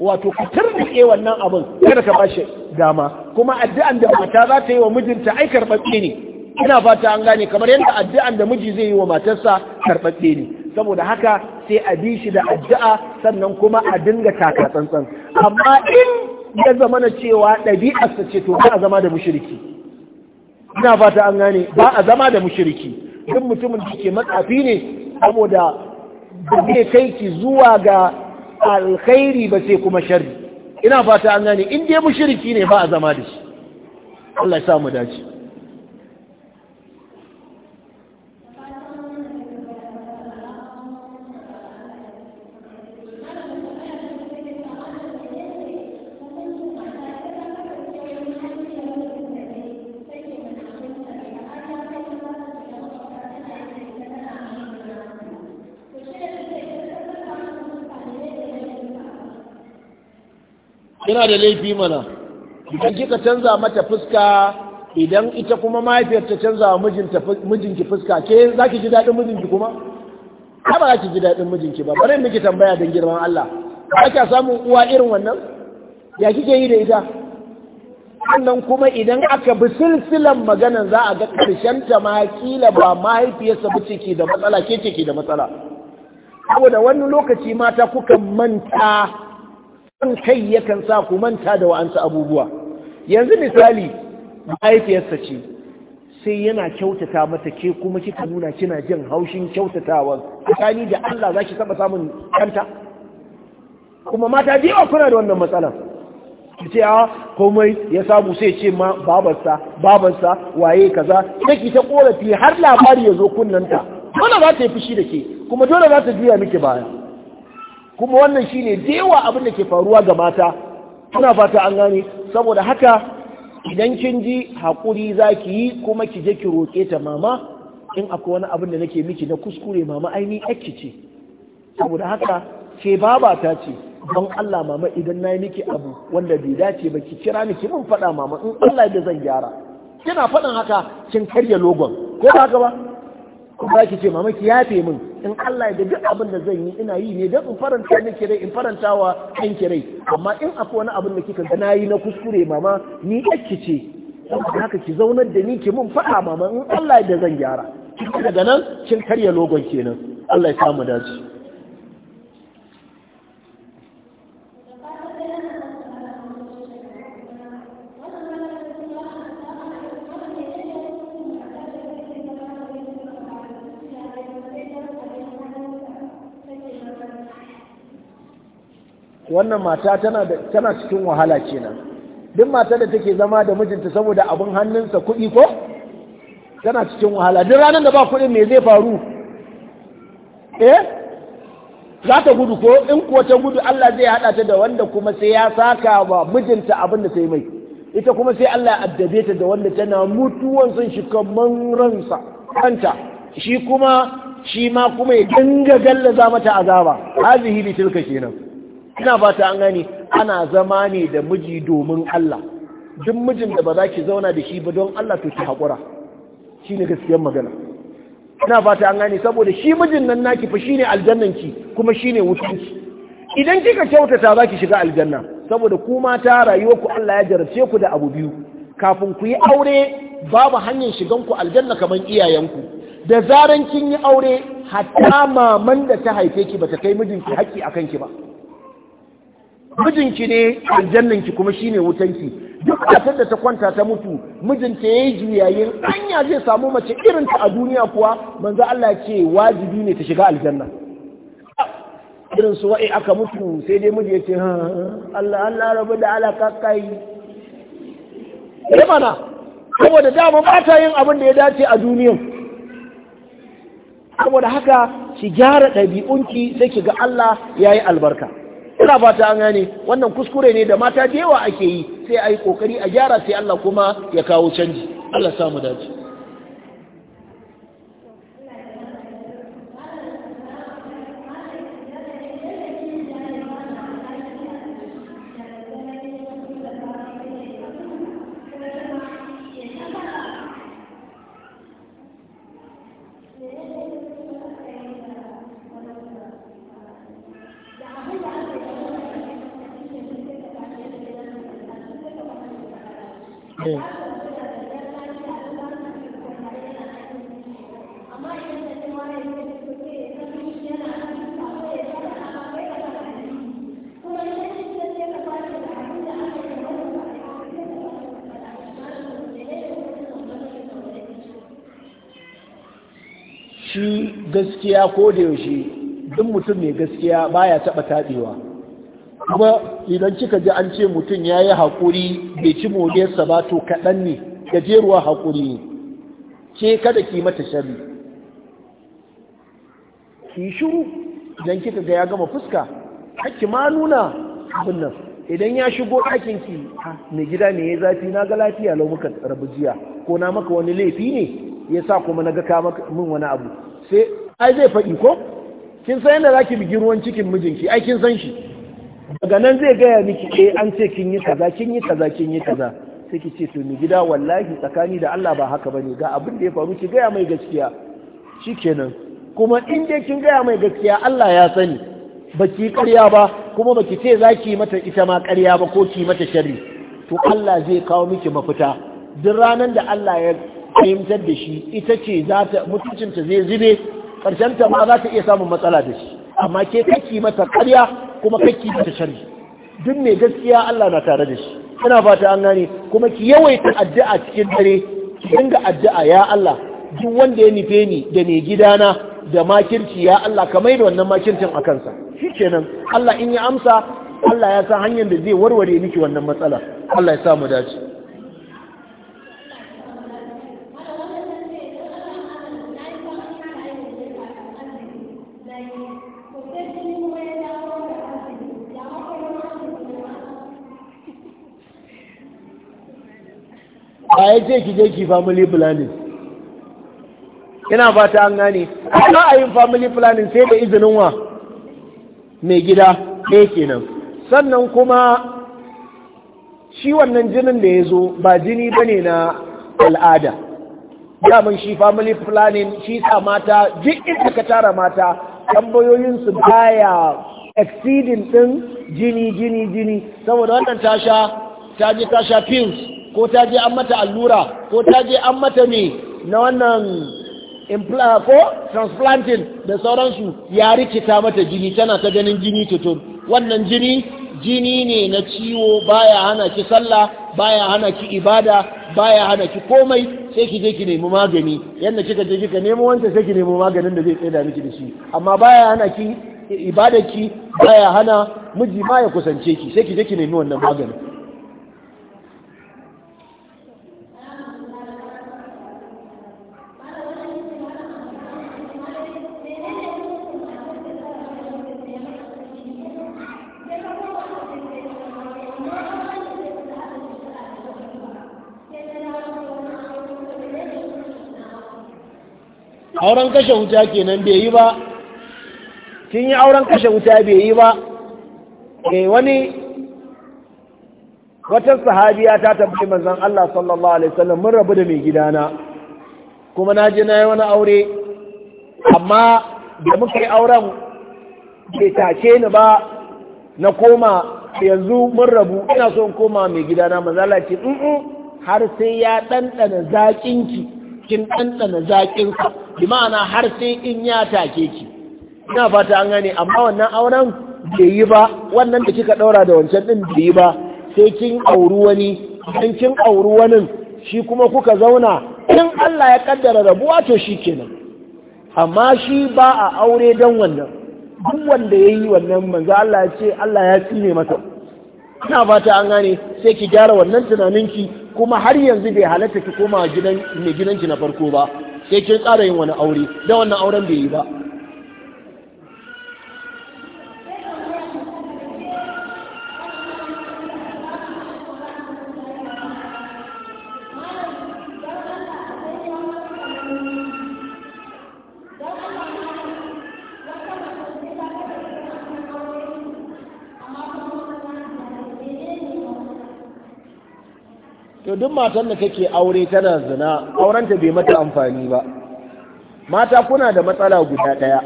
wato ka tarnike wannan abin kada ka bashi dama kuma addu'an da mata za ta yi wa mijinta ai karɓaɓɓe ne ina fata an gane kamar yadda addu'an da miji zai yi wa matarsa karɓaɓɓe ne saboda haka sai a bi shi da addu'a sannan kuma a dinga taka tsantsan amma in ya zama na cewa ɗabi'arsa ce to ba a zama da mushriki ina fata an gane ba a zama da mushiriki, duk mutumin da ke matsafi ne saboda da zai kai ki zuwa ga alkhairi ba sai kuma sharri ina fata an gane in dai mushiriki ne ba a zama da shi Allah ya samu dace yana da laifi mana idan kika canza mata fuska idan ita kuma mahaifiyar ta canza wa mijinki fuska ke za ki ji daɗin mijinki kuma? ba ba za ki ji daɗin mijinki ba bari miki tambaya don girman Allah ba ka samun uwa irin wannan ya kike yi da ita sannan kuma idan aka bi silsilan maganan za a ga ƙarshen ta ma kila ba mahaifiyarsa ba ce ke da matsala ke ce ke da matsala saboda wani lokaci mata kuka manta kan kai yakan sa ku manta da wa'ansu abubuwa yanzu misali mahaifiyarsa ce sai yana kyautata mata ke kuma kika nuna kina jin haushin kyautatawan tsakani da Allah za ki saba samun kanta kuma mata da yawa kuna da wannan matsalar ki ce a ah, komai ya samu sai ce ma babarsa babarsa waye kaza sai ki ta korafi har labari ya zo kunnanta dole za ta yi fushi da ke kuma dole za ta juya miki baya kuma wannan shine da yawa abin da ke faruwa ga mata suna fata an gane saboda haka idan kin ji hakuri ki yi kuma ki je ki roƙe ta mama in akwai wani abin da nake miki na kuskure mama aini ake ce saboda haka ke baba ta ce don Allah mama idan na yi miki abu wanda bai dace ba ki kira ni ki min faɗa mama in Allah da zan gyara kina faɗin haka kin karya logon ko ba haka ba kuma ki ce mama ki yafe min in Allah ya duk abin da zan yi ina yi ne don in faranta miki rai in faranta wa kanki rai amma in akwai wani abin da kika ga nayi na kuskure mama ni yake ce haka ki zaunar da ni ki mun faɗa mama in Allah ya da zan gyara daga nan kin karya logon kenan Allah ya samu dace wannan mata tana cikin wahala kenan duk mata da take zama da mijinta saboda abin hannunsa kuɗi ko tana cikin wahala duk ranar da ba kuɗi mai zai faru eh za ta gudu ko in kuwa ta gudu Allah zai haɗa ta da wanda kuma sai ya saka wa mijinta abin da sai mai ita kuma sai Allah ya addabe ta da wanda tana mutuwan sun shi kaman ransa kanta shi kuma shi ma kuma ya dinga gallaza mata azaba hazihi bi tilka kenan ina ba ta an gani. ana zama ne da miji domin Allah duk mijin da ba za ki zauna da shi ba don Allah to ki haƙura shi ne gaskiyar magana ina ta an gani. saboda shi mijin nan naki fa shine aljannanki kuma shine wutanci. idan kika kyautata za ki shiga aljanna saboda ku mata rayuwar ku Allah ya jarabce ku da abu biyu kafin ku yi aure babu hanyar shigan ku aljanna kamar iyayenku da zaran kin yi aure hatta maman da ta haife ki ba ta kai mijinki haƙƙi akan ki ba mijinki ne aljannanki kuma shine wutanki duk matar da ta kwanta ta mutu mijinta yayi juyayin anya zai samu mace irin ta a duniya kuwa manzo Allah ce wajibi ne ta shiga aljanna irin su wa'i aka mutu sai dai miji yace Allah Allah rabu da alaka kai eh, mana saboda dama ba ta yin abin da ya dace a duniyan saboda haka ki gyara ɗabi'unki sai ki ga Allah yayi albarka ina ba ta gane wannan kuskure ne da mata da yawa ake yi sai a yi kokari a gyara sai Allah kuma ya kawo canji Allah samu dace gaskiya ko da yaushe duk mutum mai gaskiya baya taɓa taɗewa kuma idan kika ji an ce mutum ya yi haƙuri bai ci modiyarsa ba to kaɗan ne gajeruwa haƙuri ne ke kada ki mata shari ki shiru idan kika ga ya gama fuska hakki ma nuna abin nan idan ya shigo ɗakin ki mai gida ne ya zafi na ga lafiya lau muka rabu jiya ko na maka wani laifi ne ya sa kuma na ga ka min wani abu sai ai zai faɗi ko kin san yadda zaki bigi ruwan cikin mijinki ai kin san shi daga nan zai gaya miki eh an ce kin yi kaza kin yi kaza kin yi kaza sai ki ce to ni gida wallahi tsakani da Allah ba haka bane ga abin da ya faru ki gaya mai gaskiya shikenan kuma in dai kin gaya mai gaskiya Allah ya sani baki ƙarya ba kuma baki ce zaki mata ita ma ƙarya ba ko ki mata sharri to Allah zai kawo miki mafita duk ranar da Allah ya fahimtar da shi ita ce za ta mutuncinta zai zube karshen ta ma za ta iya samun matsala da shi amma ke kaki mata karya kuma kaki mata sharri duk mai gaskiya Allah na tare da shi ina fata an gane kuma ki yawaita addu'a cikin dare ki dinga addu'a ya Allah duk wanda ya nufe ni da mai gidana da makirci ya Allah ka maida da wannan makircin a kansa shikenan Allah in ya amsa Allah ya sa hanyar da zai warware miki wannan matsala Allah ya sa mu dace ba ya ce ki je ki family planning ina fata an gane ko a yin family planning sai da izinin wa mai gida ne kenan sannan kuma shi wannan jinin da ya zo ba jini ba ne na al'ada mun shi family planning shi sa mata duk inda ka tara mata tambayoyinsu baya exceeding din jini jini jini saboda wannan tasha ta je tasha pills ko ta je an mata allura ko ta je an mata ne na wannan ko transplanting da sauransu ya rikita mata jini tana ta ganin jini tutun wannan jini jini ne na ciwo baya hana ki sallah baya hana ki ibada baya hana ki komai sai ki je ki nemi magani yanda kika je kika nemo wanda sai ki nemi maganin da zai tsaya miki da shi amma baya hana ki ibadarki baya hana miji ma ya kusance ki sai ki je ki nemi wannan maganin auren kashe wuta kenan bai yi ba kin yi auren kashe wuta bai yi ba eh wani wata sahabiya ta tabbai manzon Allah sallallahu alaihi wasallam mun rabu da mai gidana kuma na je na yi wani aure amma da muka yi auren bai tace ni ba na koma yanzu mun rabu ina son koma mai gidana manzon Allah ce har sai ya ɗanɗana ki. kin ɗanɗana zaƙin ka har sai in ya take ki ina fata an gane amma wannan auren bai yi ba wannan da kika ɗaura da wancan ɗin bai yi ba sai kin auri wani Don kin auri wani shi kuma kuka zauna in Allah ya ƙaddara rabuwa to shi kenan amma shi ba a aure don wannan duk wanda ya yi wannan manzo Allah ya ce Allah ya tsine masa ina fata an gane sai ki gyara wannan tunaninki kuma har yanzu bai halatta ki koma gidan mai gidanki na farko ba sai kin tsara yin wani aure da wannan auren bai yi ba duk matan da kake aure tana zina aurenta bai mata amfani ba mata kuna da matsala guda ɗaya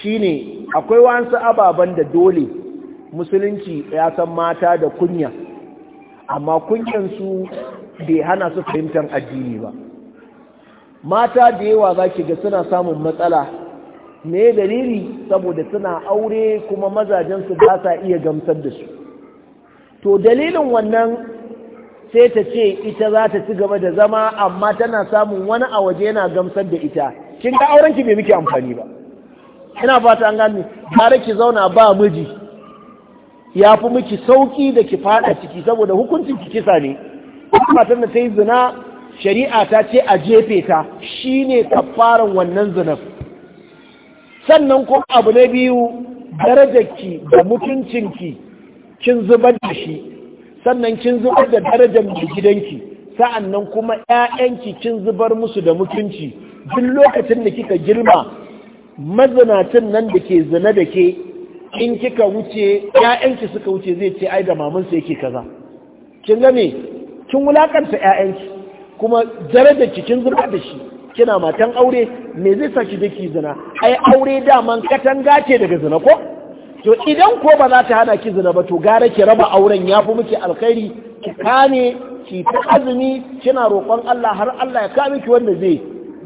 shine akwai wasu ababen da dole musulunci ya san mata da kunya amma kunyansu bai hana su fahimtar addini ba mata da yawa za ki ga suna samun matsala me dalili saboda suna aure kuma mazajensu ba sa iya gamsar da su to dalilin wannan sai ta ce ita za ta ci gaba da zama amma tana samun wani a waje yana gamsar da ita kin ga auren ki bai miki amfani ba ina fata an gane tare ki zauna ba miji ya fi miki sauki da ki fada ciki saboda hukuncin ki kisa ne matan da ta yi zina shari'a ta ce a jefe ta shine kafaran wannan zinar sannan kuma abu na biyu darajar ki da ki kin zubar da shi sannan kin zubar da darajar mai gidanki sa'an nan kuma 'ya'yanki kin zubar musu da mutunci duk lokacin da kika girma mazinacin nan da ke zina da ke in kika wuce 'ya'yanki suka wuce zai ce ai da mamansa yake kaza kin ga kin wulakanta 'ya'yanki, kuma darajarki ke kin zubar da shi kina matan aure me zai sa ki zina ai aure daman katanga ce daga zina ko to idan ko ba za ta hana ki zina ba to gara ki raba auren ya fi muke alkhairi ki kame ki ta azumi kina roƙon Allah har Allah ya kame miki wanda zai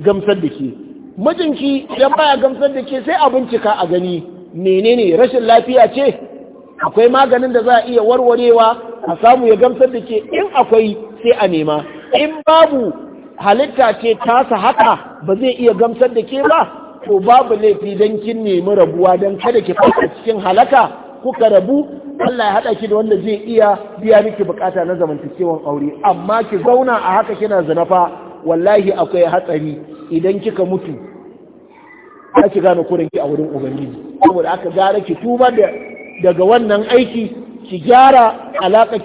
gamsar da ke mijinki idan baya gamsar da ke sai a bincika a gani menene rashin lafiya ce akwai maganin da za a iya warwarewa a samu ya gamsar da ke in akwai sai a nema in babu halitta ce tasa haka ba zai iya gamsar da ke ba to babu laifi don kin nemi rabuwa don kada ki fata cikin halaka kuka rabu Allah ya haɗa ki da wanda zai iya biya miki bukata na zamantakewan aure amma ki zauna a haka kina fa, wallahi akwai hatsari idan kika mutu za ki gane ki a wurin ubangiji saboda aka gara ki tuba daga wannan aiki ki gyara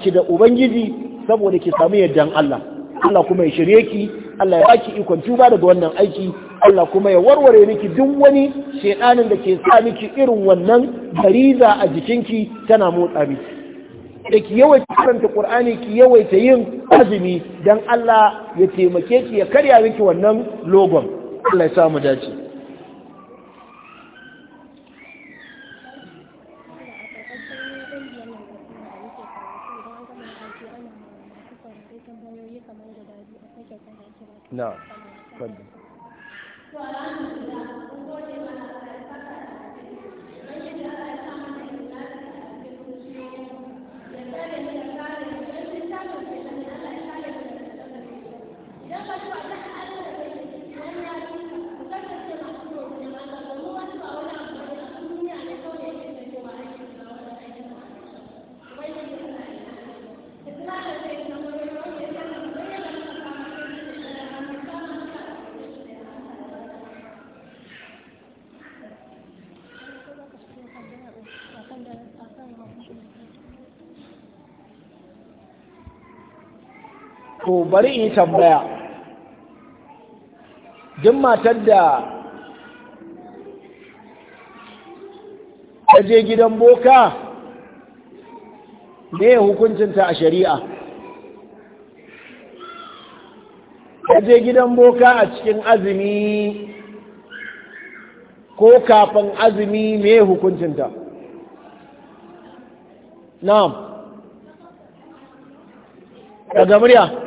ki da ubangiji saboda ki samu yardan Allah Allah kuma ya shirye ki Allah ya baki ikon tuba daga wannan aiki Allah kuma ya warware miki duk wani shedanin da ke sa miki irin wannan gariza a jikinki tana motsa miki da ki yawaita karanta Qur'ani ki yawaita yin azumi dan Allah ya taimake ki ya karya miki wannan logon Allah ya sa mu dace No. स्वरान to bari in tambaya duk matar da ta je gidan boka ne hukuncinta a shari'a ta je gidan boka a cikin azumi ko kafin azumi ne hukuncinta na'am daga murya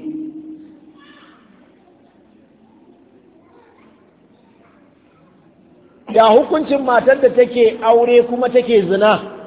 ya hukuncin matar da take aure kuma take zina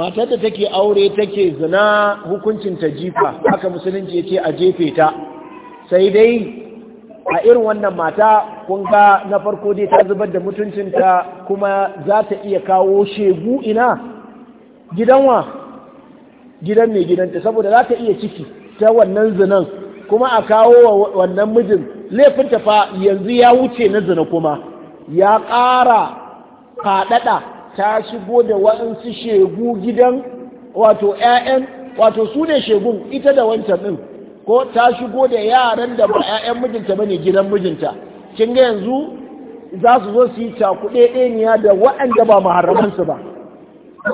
matar da take aure take zina hukuncin ta jifa haka musulunci ya ce a jefe ta sai dai a irin wannan mata kun na farko dai ta zubar da mutuncinta kuma za ta iya kawo shegu ina gidanwa gidan mai gidanta saboda za ta iya ciki ta wannan zinan kuma a kawo wa wannan mijin laifinta fa yanzu ya wuce na zina kuma ya ƙara faɗaɗa ta shigo da waɗansu shegu gidan wato 'ya'yan wato su ne shegun ita da wancan ɗin ko ta shigo da yaran da ba 'ya'yan mijinta ba ne gidan mijinta kin ga yanzu za su zo su yi cakuɗe ɗaniya da waɗanda ba maharamansu ba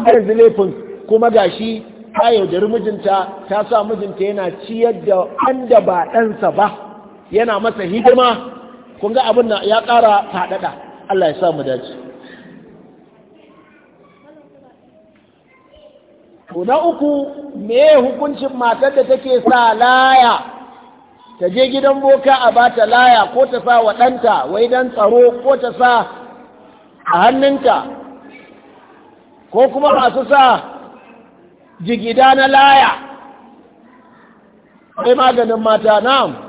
yanzu laifin kuma gashi ta yaudari mijinta ta sa mijinta yana ciyar da wanda ba ɗansa ba yana masa hidima kun ga abin ya ƙara faɗaɗa Allah ya sa mu dace to na uku me hukuncin matar da take sa laya ta je gidan boka a bata laya ko ta sa wa ɗanta wai don tsaro ko ta sa a hannunta ko kuma masu sa jigida na laya sai maganin mata na'am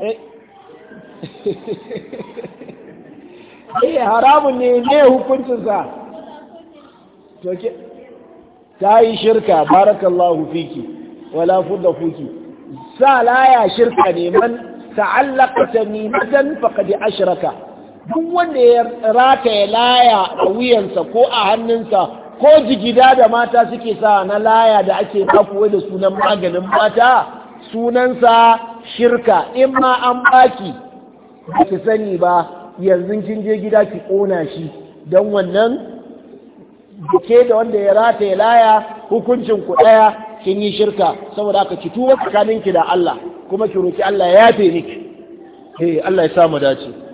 Eh. eh haramun ne ne hukuncinsa ta yi shirka barakallahu fiki wala fudda fuki sa laya shirka ne man ta'allaka tamimatan faqad ashraka duk wanda ya rata ya laya a wuyansa ko a hannunsa ko jigida da mata suke sa na laya da ake kafuwa da sunan maganin mata sunansa shirka in ma an baki ba ki sani ba yanzu kin je gida ki ƙona shi don wannan buke da wanda ya rata ya laya hukuncin ku ɗaya kin yi shirka saboda aka ki tuwa tsakaninki da Allah kuma ki roki Allah ya yafe miki eh Allah ya sa mu dace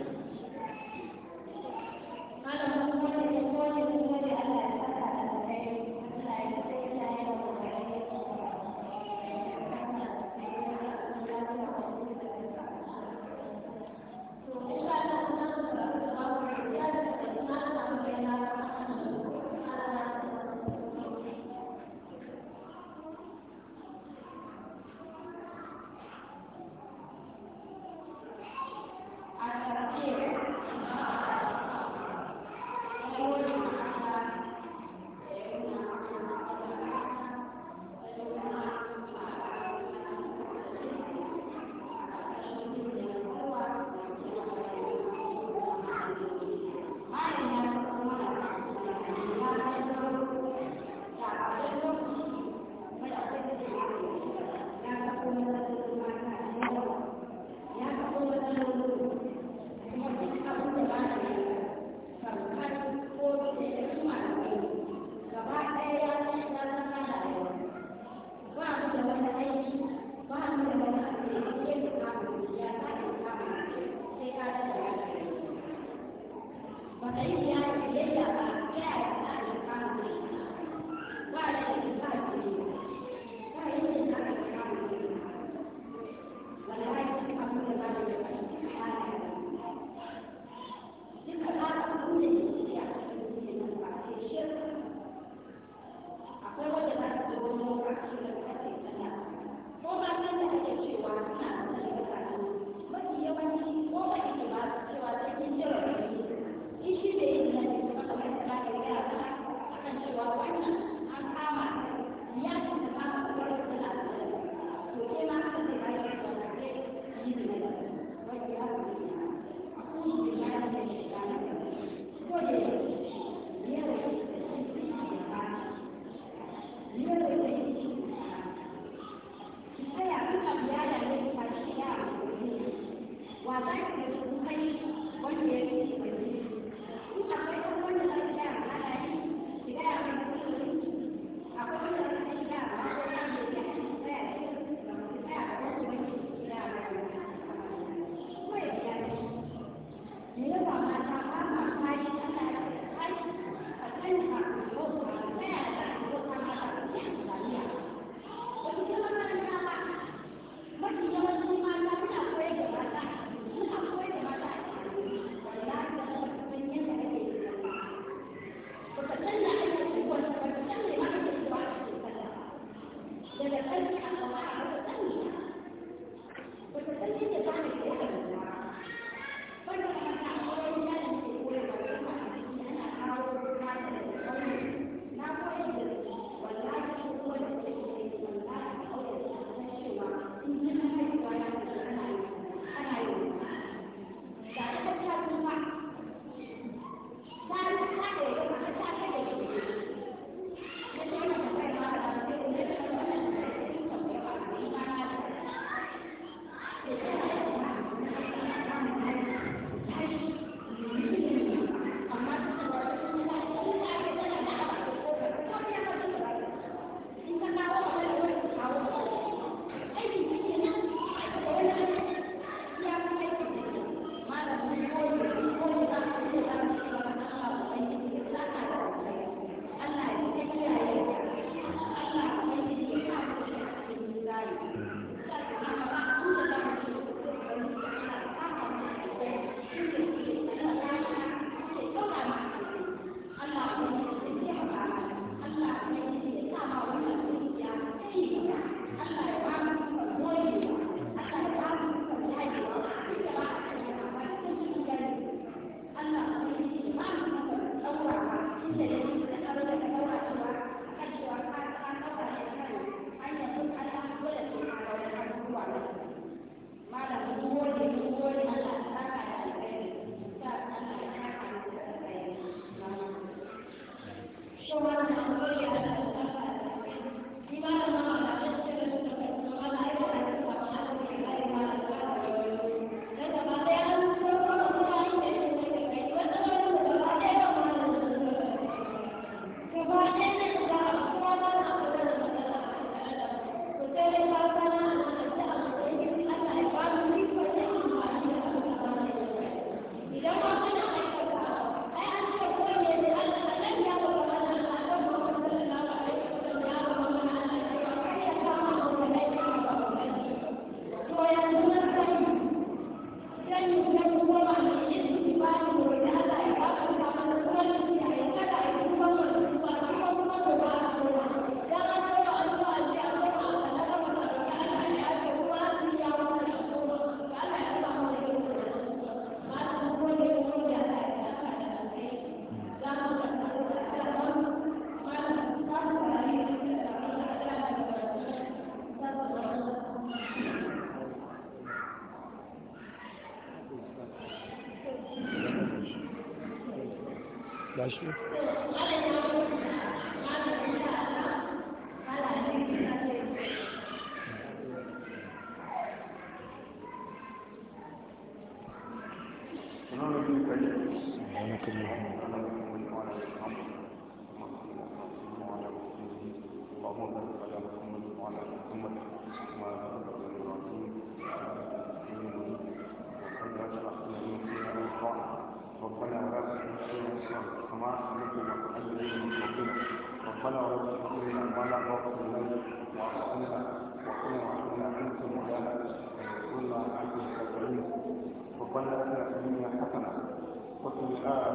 uh,